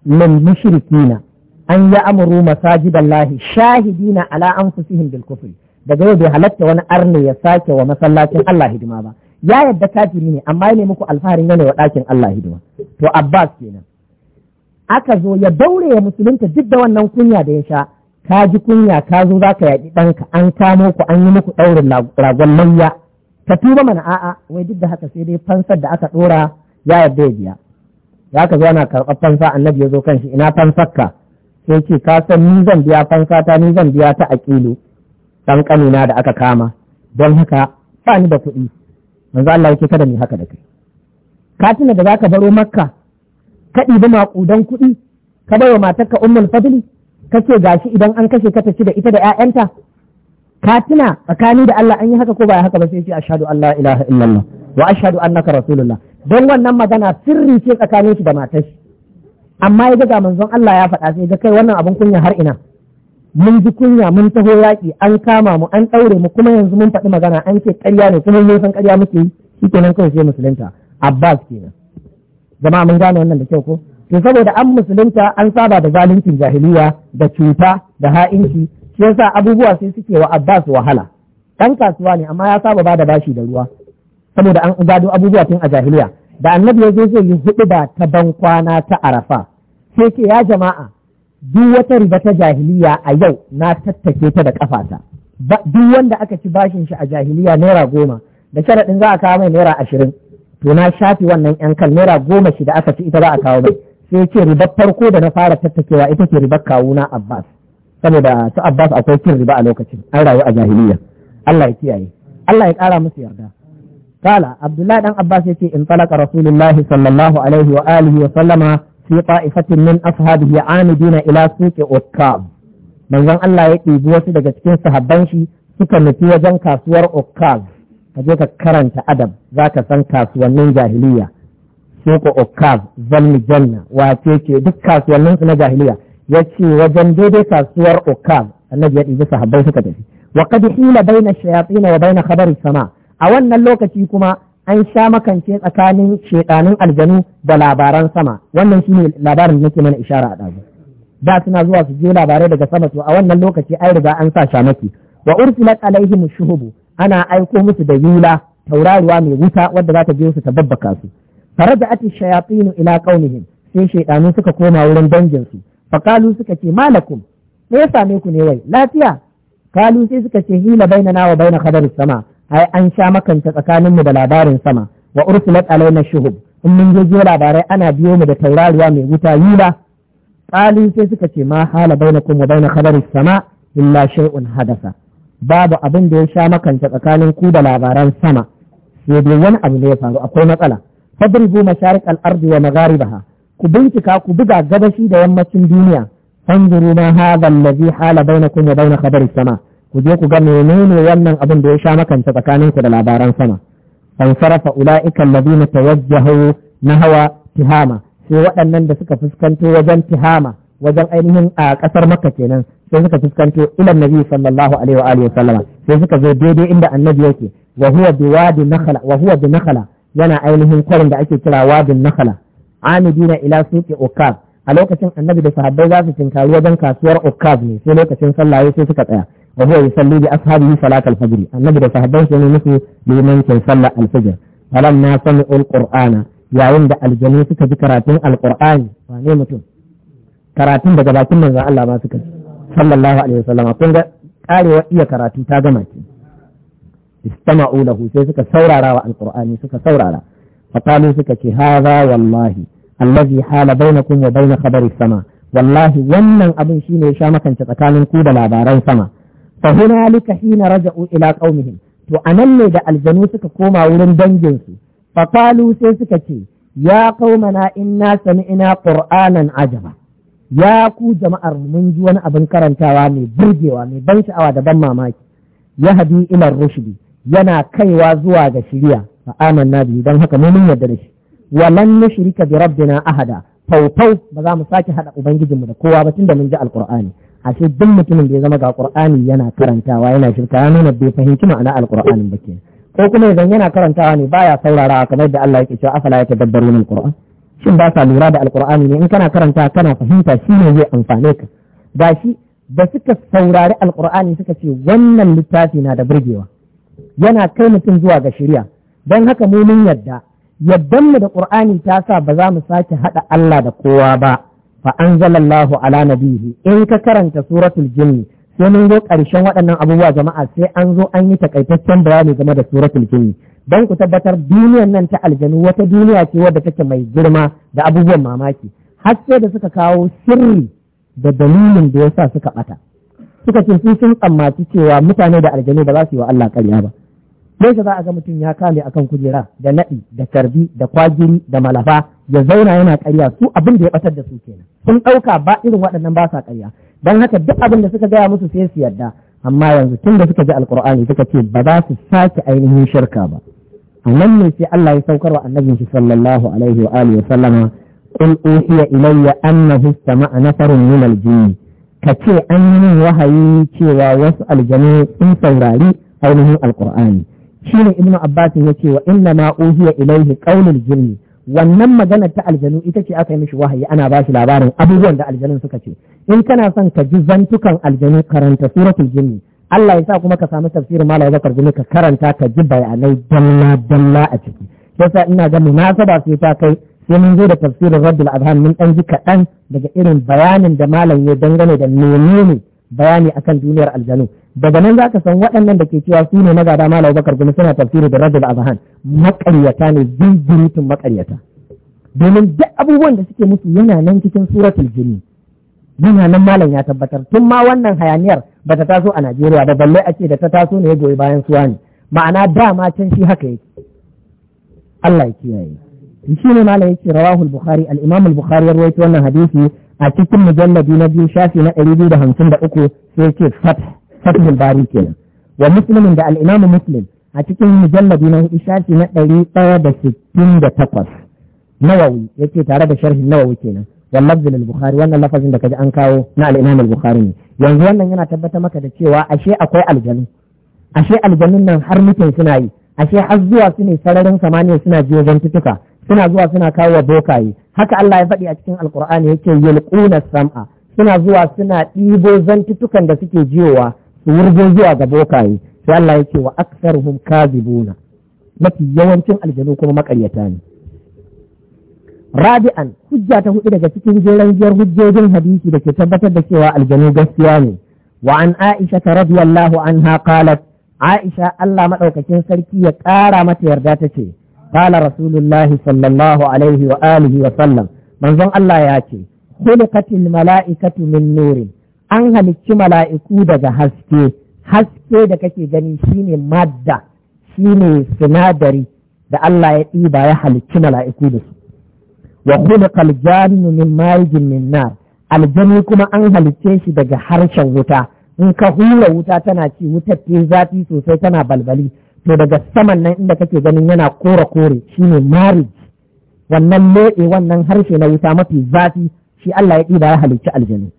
lil mushrikina an ya amuru masajidallahi shahidina ala anfusihim bil kufri daga yau bai halatta wani arne ya sake wa masallacin Allah hidima ba ya yadda kafiri ne amma ya nemi ku alfaharin yana wa ɗakin Allah hidima to Abbas kenan aka zo ya daure ya musulunta duk da wannan kunya da ya sha ka ji kunya ka zo za ka yaƙi ɗanka an kamo ku an yi muku ɗaurin ragon manya ka tuba mana a'a wai duk da haka sai dai fansar da aka ɗora ya yadda ya biya ya ka zo ana karɓar fansa annabi ya zo kan shi ina fansar ka sai ce ka san ni zan biya fansa ta ni zan biya ta aƙilu ɗan ƙanina da aka kama don haka ba ni da kuɗi manzo Allah yake kada mu haka da kai ka tuna da zaka baro makka ka ɗibi maƙudan kuɗi ka bai wa matarka ummul fadli kace gashi idan an kashe ka ta ci da ita da 'ya'yanta. ka tuna tsakani da Allah an yi haka ko ba haka ba sai ce ashhadu an la ilaha illallah wa ashhadu annaka rasulullah don wannan magana sirri ce tsakanin shi da matar shi amma ya ga manzon Allah ya faɗa sai ga kai wannan abin kunya har ina mun ji kunya mun taho yaƙi an kama mu an ɗaure mu kuma yanzu mun faɗi magana an ce ƙarya ne kuma yin san ƙarya muke yi nan kawai sai musulunta Abbas kenan jama'a mun gane wannan da kyau ko to saboda an musulunta an saba da zaluncin jahiliya da cuta da ha'inci shi yasa abubuwa sai suke wa Abbas wahala Ɗan kasuwa ne amma ya saba ba da bashi da ruwa saboda an gado abubuwa tun a jahiliya da annabi ya zo zai yi hudu ba ta ban kwana ta arafa sai ke ya jama'a duk wata riba ta jahiliya a yau na tattake ta da kafata duk wanda aka ci bashin shi a jahiliya naira goma da sharaɗin za a kawo mai naira ashirin to na shafi wannan yan kan naira goma shi da aka ci ita za a kawo mai sai ce ribar farko da na fara tattakewa ita ce ribar kawuna abbas saboda su abbas akwai cin riba a lokacin an rayu a jahiliya allah ya kiyaye allah ya ƙara musu yarda قال عبد الله بن عباس ce انطلق رسول الله صلى الله عليه وآله وسلم fi ta'ifatin ya ashabihi amidina ila suqi ukkab manzon Allah ya ɗibi wasu daga cikin sahabban shi suka nufi wajen kasuwar ukkab ka je ka karanta adab zaka san kasuwannin jahiliya suqi ukkab zalmi janna wace ce duk kasuwanninsu na jahiliya yace wajen dodo kasuwar ukkab annabi ya ɗebi sahabbai suka tafi wa qad hila baina shayatin wa baina khabari sama a wannan lokaci kuma an sha makance tsakanin shekanun aljanu da labaran sama wannan shine labarin da nake mana ishara a ɗazu da suna zuwa su je labarai daga sama to a wannan lokaci ai riga an sa shamaki wa ursilat alaihim shuhubu ana aiko musu da yula tauraruwa mai wuta wadda za ta je su ta babbaka su faraja'at ash-shayatin ila qaumihim sai shaydanu suka koma wurin dangin su faqalu suka ce malakum me ya same ku ne wai lafiya kalu sai suka ce hila bainana wa baina qadar sama ai an sha makanta tsakaninmu da labarin sama wa ursulat alaina shuhub in mun je labarai ana biyo mu da tauraruwa mai wuta yula qalu sai suka ce ma hala bainakum wa bain khabari sama illa shay'un hadasa babu abin da ya sha makanta tsakanin ku da labaran sama sai dai wani abu ne ya faru akwai matsala fadribu masharik al-ardi wa magharibaha ku bincika ku buga gabashi da yammacin duniya fanzuru ma hadha allazi hala bainakum wa bain khabari sama ku je ku ga menene wannan abin da ya sha makanta tsakanin ku da labaran sama an sarafa ula'ika alladhina tawajjahu hawa tihama sai waɗannan da suka fuskanto wajen tihama wajen ainihin a ƙasar makka kenan sai suka fuskanto ilan nabi sallallahu alaihi wa alihi sallama sai suka zo daidai inda annabi yake wa huwa biwadi nakhala wa huwa yana ainihin kwarin da ake kira wadin nakhala amidina ila suqi ukab a lokacin annabi da sahabbai za su tinkari wajen kasuwar ukab ne sai lokacin sallah sai suka tsaya wa huwa yusalli bi ashabihi salat al-fajr annabi da sahabban sa ne musu limancin sallar al-fajr falamma sami'u al-qur'ana yayin da aljanu suka ji karatun al-qur'ani wane mutum karatun daga bakin manzon Allah ma suka ji sallallahu alaihi wasallam kun ga karewa iya karatu ta gama ce istama'u lahu suka saurara wa al-qur'ani suka saurara fatalu suka ce hadha wallahi allazi hala bainakum khabari sama wallahi wannan abin shine ya sha tsakanin ku da labaran sama fa hunalika hina raja'u ila qaumihim to anan ne da aljanu suka koma wurin danginsu fa qalu sai suka ce ya qaumana inna sami'na qur'anan ajaba ya ku jama'ar mun ji wani abin karantawa mai burgewa mai ban sha'awa da ban mamaki ya hadi ilar rushdi yana kaiwa zuwa ga shiriya fa amanna bihi dan haka mu mun yarda da shi walan nushrika bi rabbina ahada faufau ba za mu sake hada ubangijinmu da kowa ba tun da mun ji alqur'ani ashe duk mutumin da ya zama ga qur'ani yana karantawa yana shirka ya nuna bai fahimci ma'ana alqur'anin ba ke ko kuma idan yana karantawa ne baya saurarawa kamar da Allah yake cewa afala yatadabbaruna alqur'an shin ba sa lura da alqur'ani ne in kana karanta kana fahimta shi ne zai amfane ka gashi da suka saurari alqur'ani suka ce wannan littafi na da burgewa yana kai mutum zuwa ga shari'a don haka mu mun yadda yaddan mu da qur'ani ta sa ba za mu sake hada Allah da kowa ba fa anzalallahu ala nabihi in ka karanta suratul jinni sai mun zo ƙarshen waɗannan abubuwa jama'a sai an zo an yi takaitaccen bayani game da suratul jinni don ku tabbatar duniyan nan ta aljanu wata duniya ce wadda take mai girma da abubuwan mamaki har sai da suka kawo sirri da dalilin da yasa suka bata suka ce sun tsammaci cewa mutane da aljanu ba za su yi wa Allah ƙarya ba mai za a ga mutum ya kame akan kujera da naɗi da karbi da kwagiri da malafa ya zauna yana karya su abin da ya ɓatar da su kenan sun ɗauka ba irin waɗannan ba sa karya don haka duk abin da suka gaya musu sai su yarda amma yanzu tun da suka ji alkur'ani suka ce ba za su sake ainihin shirka ba a nan ne sai Allah ya saukar wa annabin shi sallallahu alaihi wa alihi wa sallama qul uhiya ilayya annahu sama'a nafarun min al-jinn ka ce an yi wahayi cewa wasu aljanu sun saurari ainihin alkur'ani shine ibn abbas ya ce wa inna ma uhiya ilaihi qaulul jinni wannan magana ta aljanu ita ce aka yi mishi wahayi ana ba shi labarin abubuwan da aljanun suka ce in kana son ka ji zantukan aljanu karanta suratul jinni Allah ya sa kuma ka samu tafsirin malam Zakar jini ka karanta ka ji bayanai dalla dalla a ciki yasa ina ga munasaba sai ta kai sai mun zo da tafsirin Rabbul Adhan mun dan ji kaɗan daga irin bayanin da malam ya dangane da menene bayani akan duniyar aljanu daga nan zaka san waɗannan da ke cewa su ne gada malam bakar kuma suna tafsiri da rajul azhan maƙaryata ne jinjirutun maƙaryata domin duk abubuwan da suke musu yana nan cikin suratul jini yana nan malam ya tabbatar tun ma wannan hayaniyar ba ta taso a Najeriya ba balle a ce da ta taso ne ya goyi bayan suwa ne ma'ana dama can shi haka yake Allah ya kiyaye shi ne malam yake rawahu al-bukhari al-imam al-bukhari ya rawaito wannan hadisi a cikin mujalladi na biyu shafi na 253 sai yake fath fathul kenan wa muslimin da al'imamu muslim a cikin mujallabi na hudu na ɗari ɗaya da sittin da takwas nawawi ya ce tare da sharhin nawawi kenan wa lafzin wannan lafazin da kaji an kawo na al-imam bukhari ne yanzu wannan yana tabbatar maka da cewa ashe akwai aljanu ashe aljanun nan har mutum suna yi ashe har zuwa su ne sararin samaniya suna jiyo zantutuka suna zuwa suna kawo wa bokaye haka Allah ya faɗi a cikin alkur'ani yake yulquna sam'a suna zuwa suna ɗibo zantutukan da suke jiyowa wurgin zuwa ga bokaye sai Allah ya ce wa aktsaruhum kadhibuna mafi yawancin aljanu kuma makaryata ne rabi'an hujja ta hudu daga cikin jeran giyar hujjojin hadisi da ke tabbatar da cewa aljanu gaskiya ne wa an aisha ta radiyallahu anha qalat aisha Allah madaukakin sarki ya kara mata yarda ta ce qala rasulullahi sallallahu alaihi wa alihi wa sallam manzon Allah ya ce khuliqatil mala'ikatu min nurin an halicci mala'iku daga haske haske da kake gani shine madda shine sinadari da Allah ya ɗiba ya halicci mala'iku da su wa kuma min marijin min nar aljani kuma an halicce shi daga harshen wuta in ka hula wuta tana ci wutar ta zafi sosai tana balbali to daga saman nan inda kake ganin yana kore kore shine marij wannan loɗe wannan harshe na wuta mafi zafi shi Allah ya ɗiba ya halicci aljani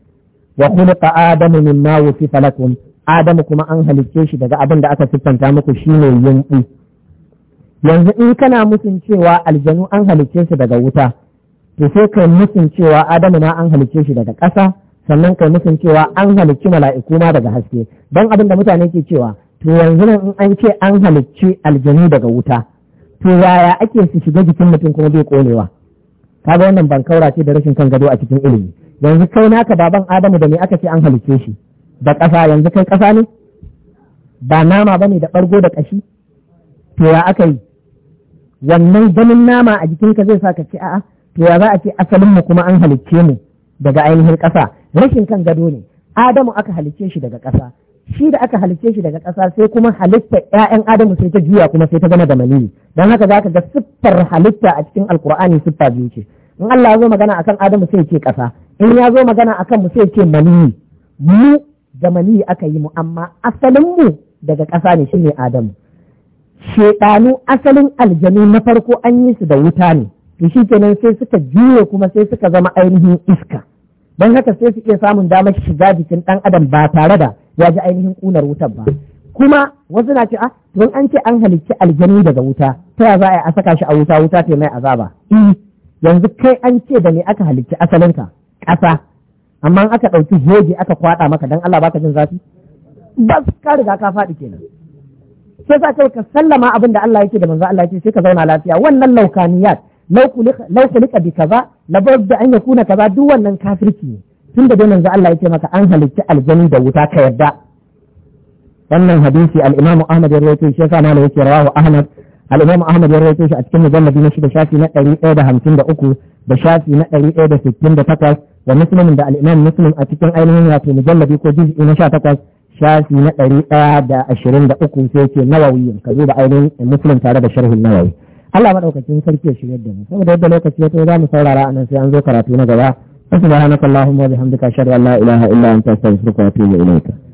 wa ka adamu mimma wusifa lakum adamu kuma an halicce shi daga abin da aka siffanta muku shine yanku. yanzu in kana musun cewa aljanu an halicce shi daga wuta to sai kai musun cewa adamu ma an halicce shi daga ƙasa sannan kai musun cewa an halicci mala'iku ma daga haske don abin da mutane ke cewa to yanzu nan in an ce an halicci aljanu daga wuta to yaya ake su shiga jikin mutum kuma bai konewa kaga wannan bankaura ce da rashin kan gado a cikin ilimi yanzu kai naka baban adamu da me aka ce an halice shi da ƙasa yanzu kai ƙasa ne ba nama bane da ɓargo da ƙashi to ya aka yi wannan ganin nama a jikinka zai sa ka ce a'a to ya za a ce asalin mu kuma an halicce mu daga ainihin ƙasa rashin kan gado ne adamu aka halicce shi daga ƙasa shi da aka halicce shi daga ƙasa sai kuma halitta ƴaƴan adamu sai ta juya kuma sai ta zama da maniyi don haka za ka ga siffar halitta a cikin alkur'ani siffa biyu ce in Allah ya zo magana akan Adamu sai ce ƙasa in ya zo magana akan mu sai ce maniyi mu da maniyi aka yi mu amma asalin mu daga ƙasa ne shine Adamu shedanu asalin aljanu na farko an yi su da wuta ne to shi kenan sai suka juye kuma sai suka zama ainihin iska don haka sai su iya samun damar shiga jikin ɗan adam ba tare da ya ji ainihin ƙunar wutar ba kuma wasu na ce a ah, don an ce an halicci aljanu daga wuta ta ya za a yi a saka shi a wuta wuta ta mai azaba eh, yanzu kai an ce da ne aka halicci asalinka ƙasa amma aka ɗauki hoji aka kwaɗa maka dan Allah baka jin zafi bas ka riga ka faɗi kenan sai sa kai ka sallama abin da Allah yake da manzo Allah yake sai ka zauna lafiya wannan laukaniyat law kulika bi kaza la da an yakuna kaza duk wannan kafirci ne tun da dai manzo Allah yake maka an halicci aljani da wuta ka yadda wannan hadisi al-Imam Ahmad ya rawaito shi yasa na yake rawahu Ahmad al'imam ahmad ya rawaito shi a cikin mujalladi na shida shafi na ɗari ɗaya da hamsin da uku da shafi na ɗari ɗaya da sittin da takwas da muslimin da al'imam muslim a cikin ainihin wato mujallabi ko juz'i na sha takwas shafi na ɗari ɗaya da ashirin da uku sai ce nawawi ka duba ainihin muslim tare da sharhin nawawi Allah maɗaukacin sarki ya shirya da mu saboda yadda lokaci ya to za mu saurara nan sai an zo karatu na gaba subhanakallahumma wa bihamdika ashhadu an la ilaha illa anta astaghfiruka wa atubu ilayka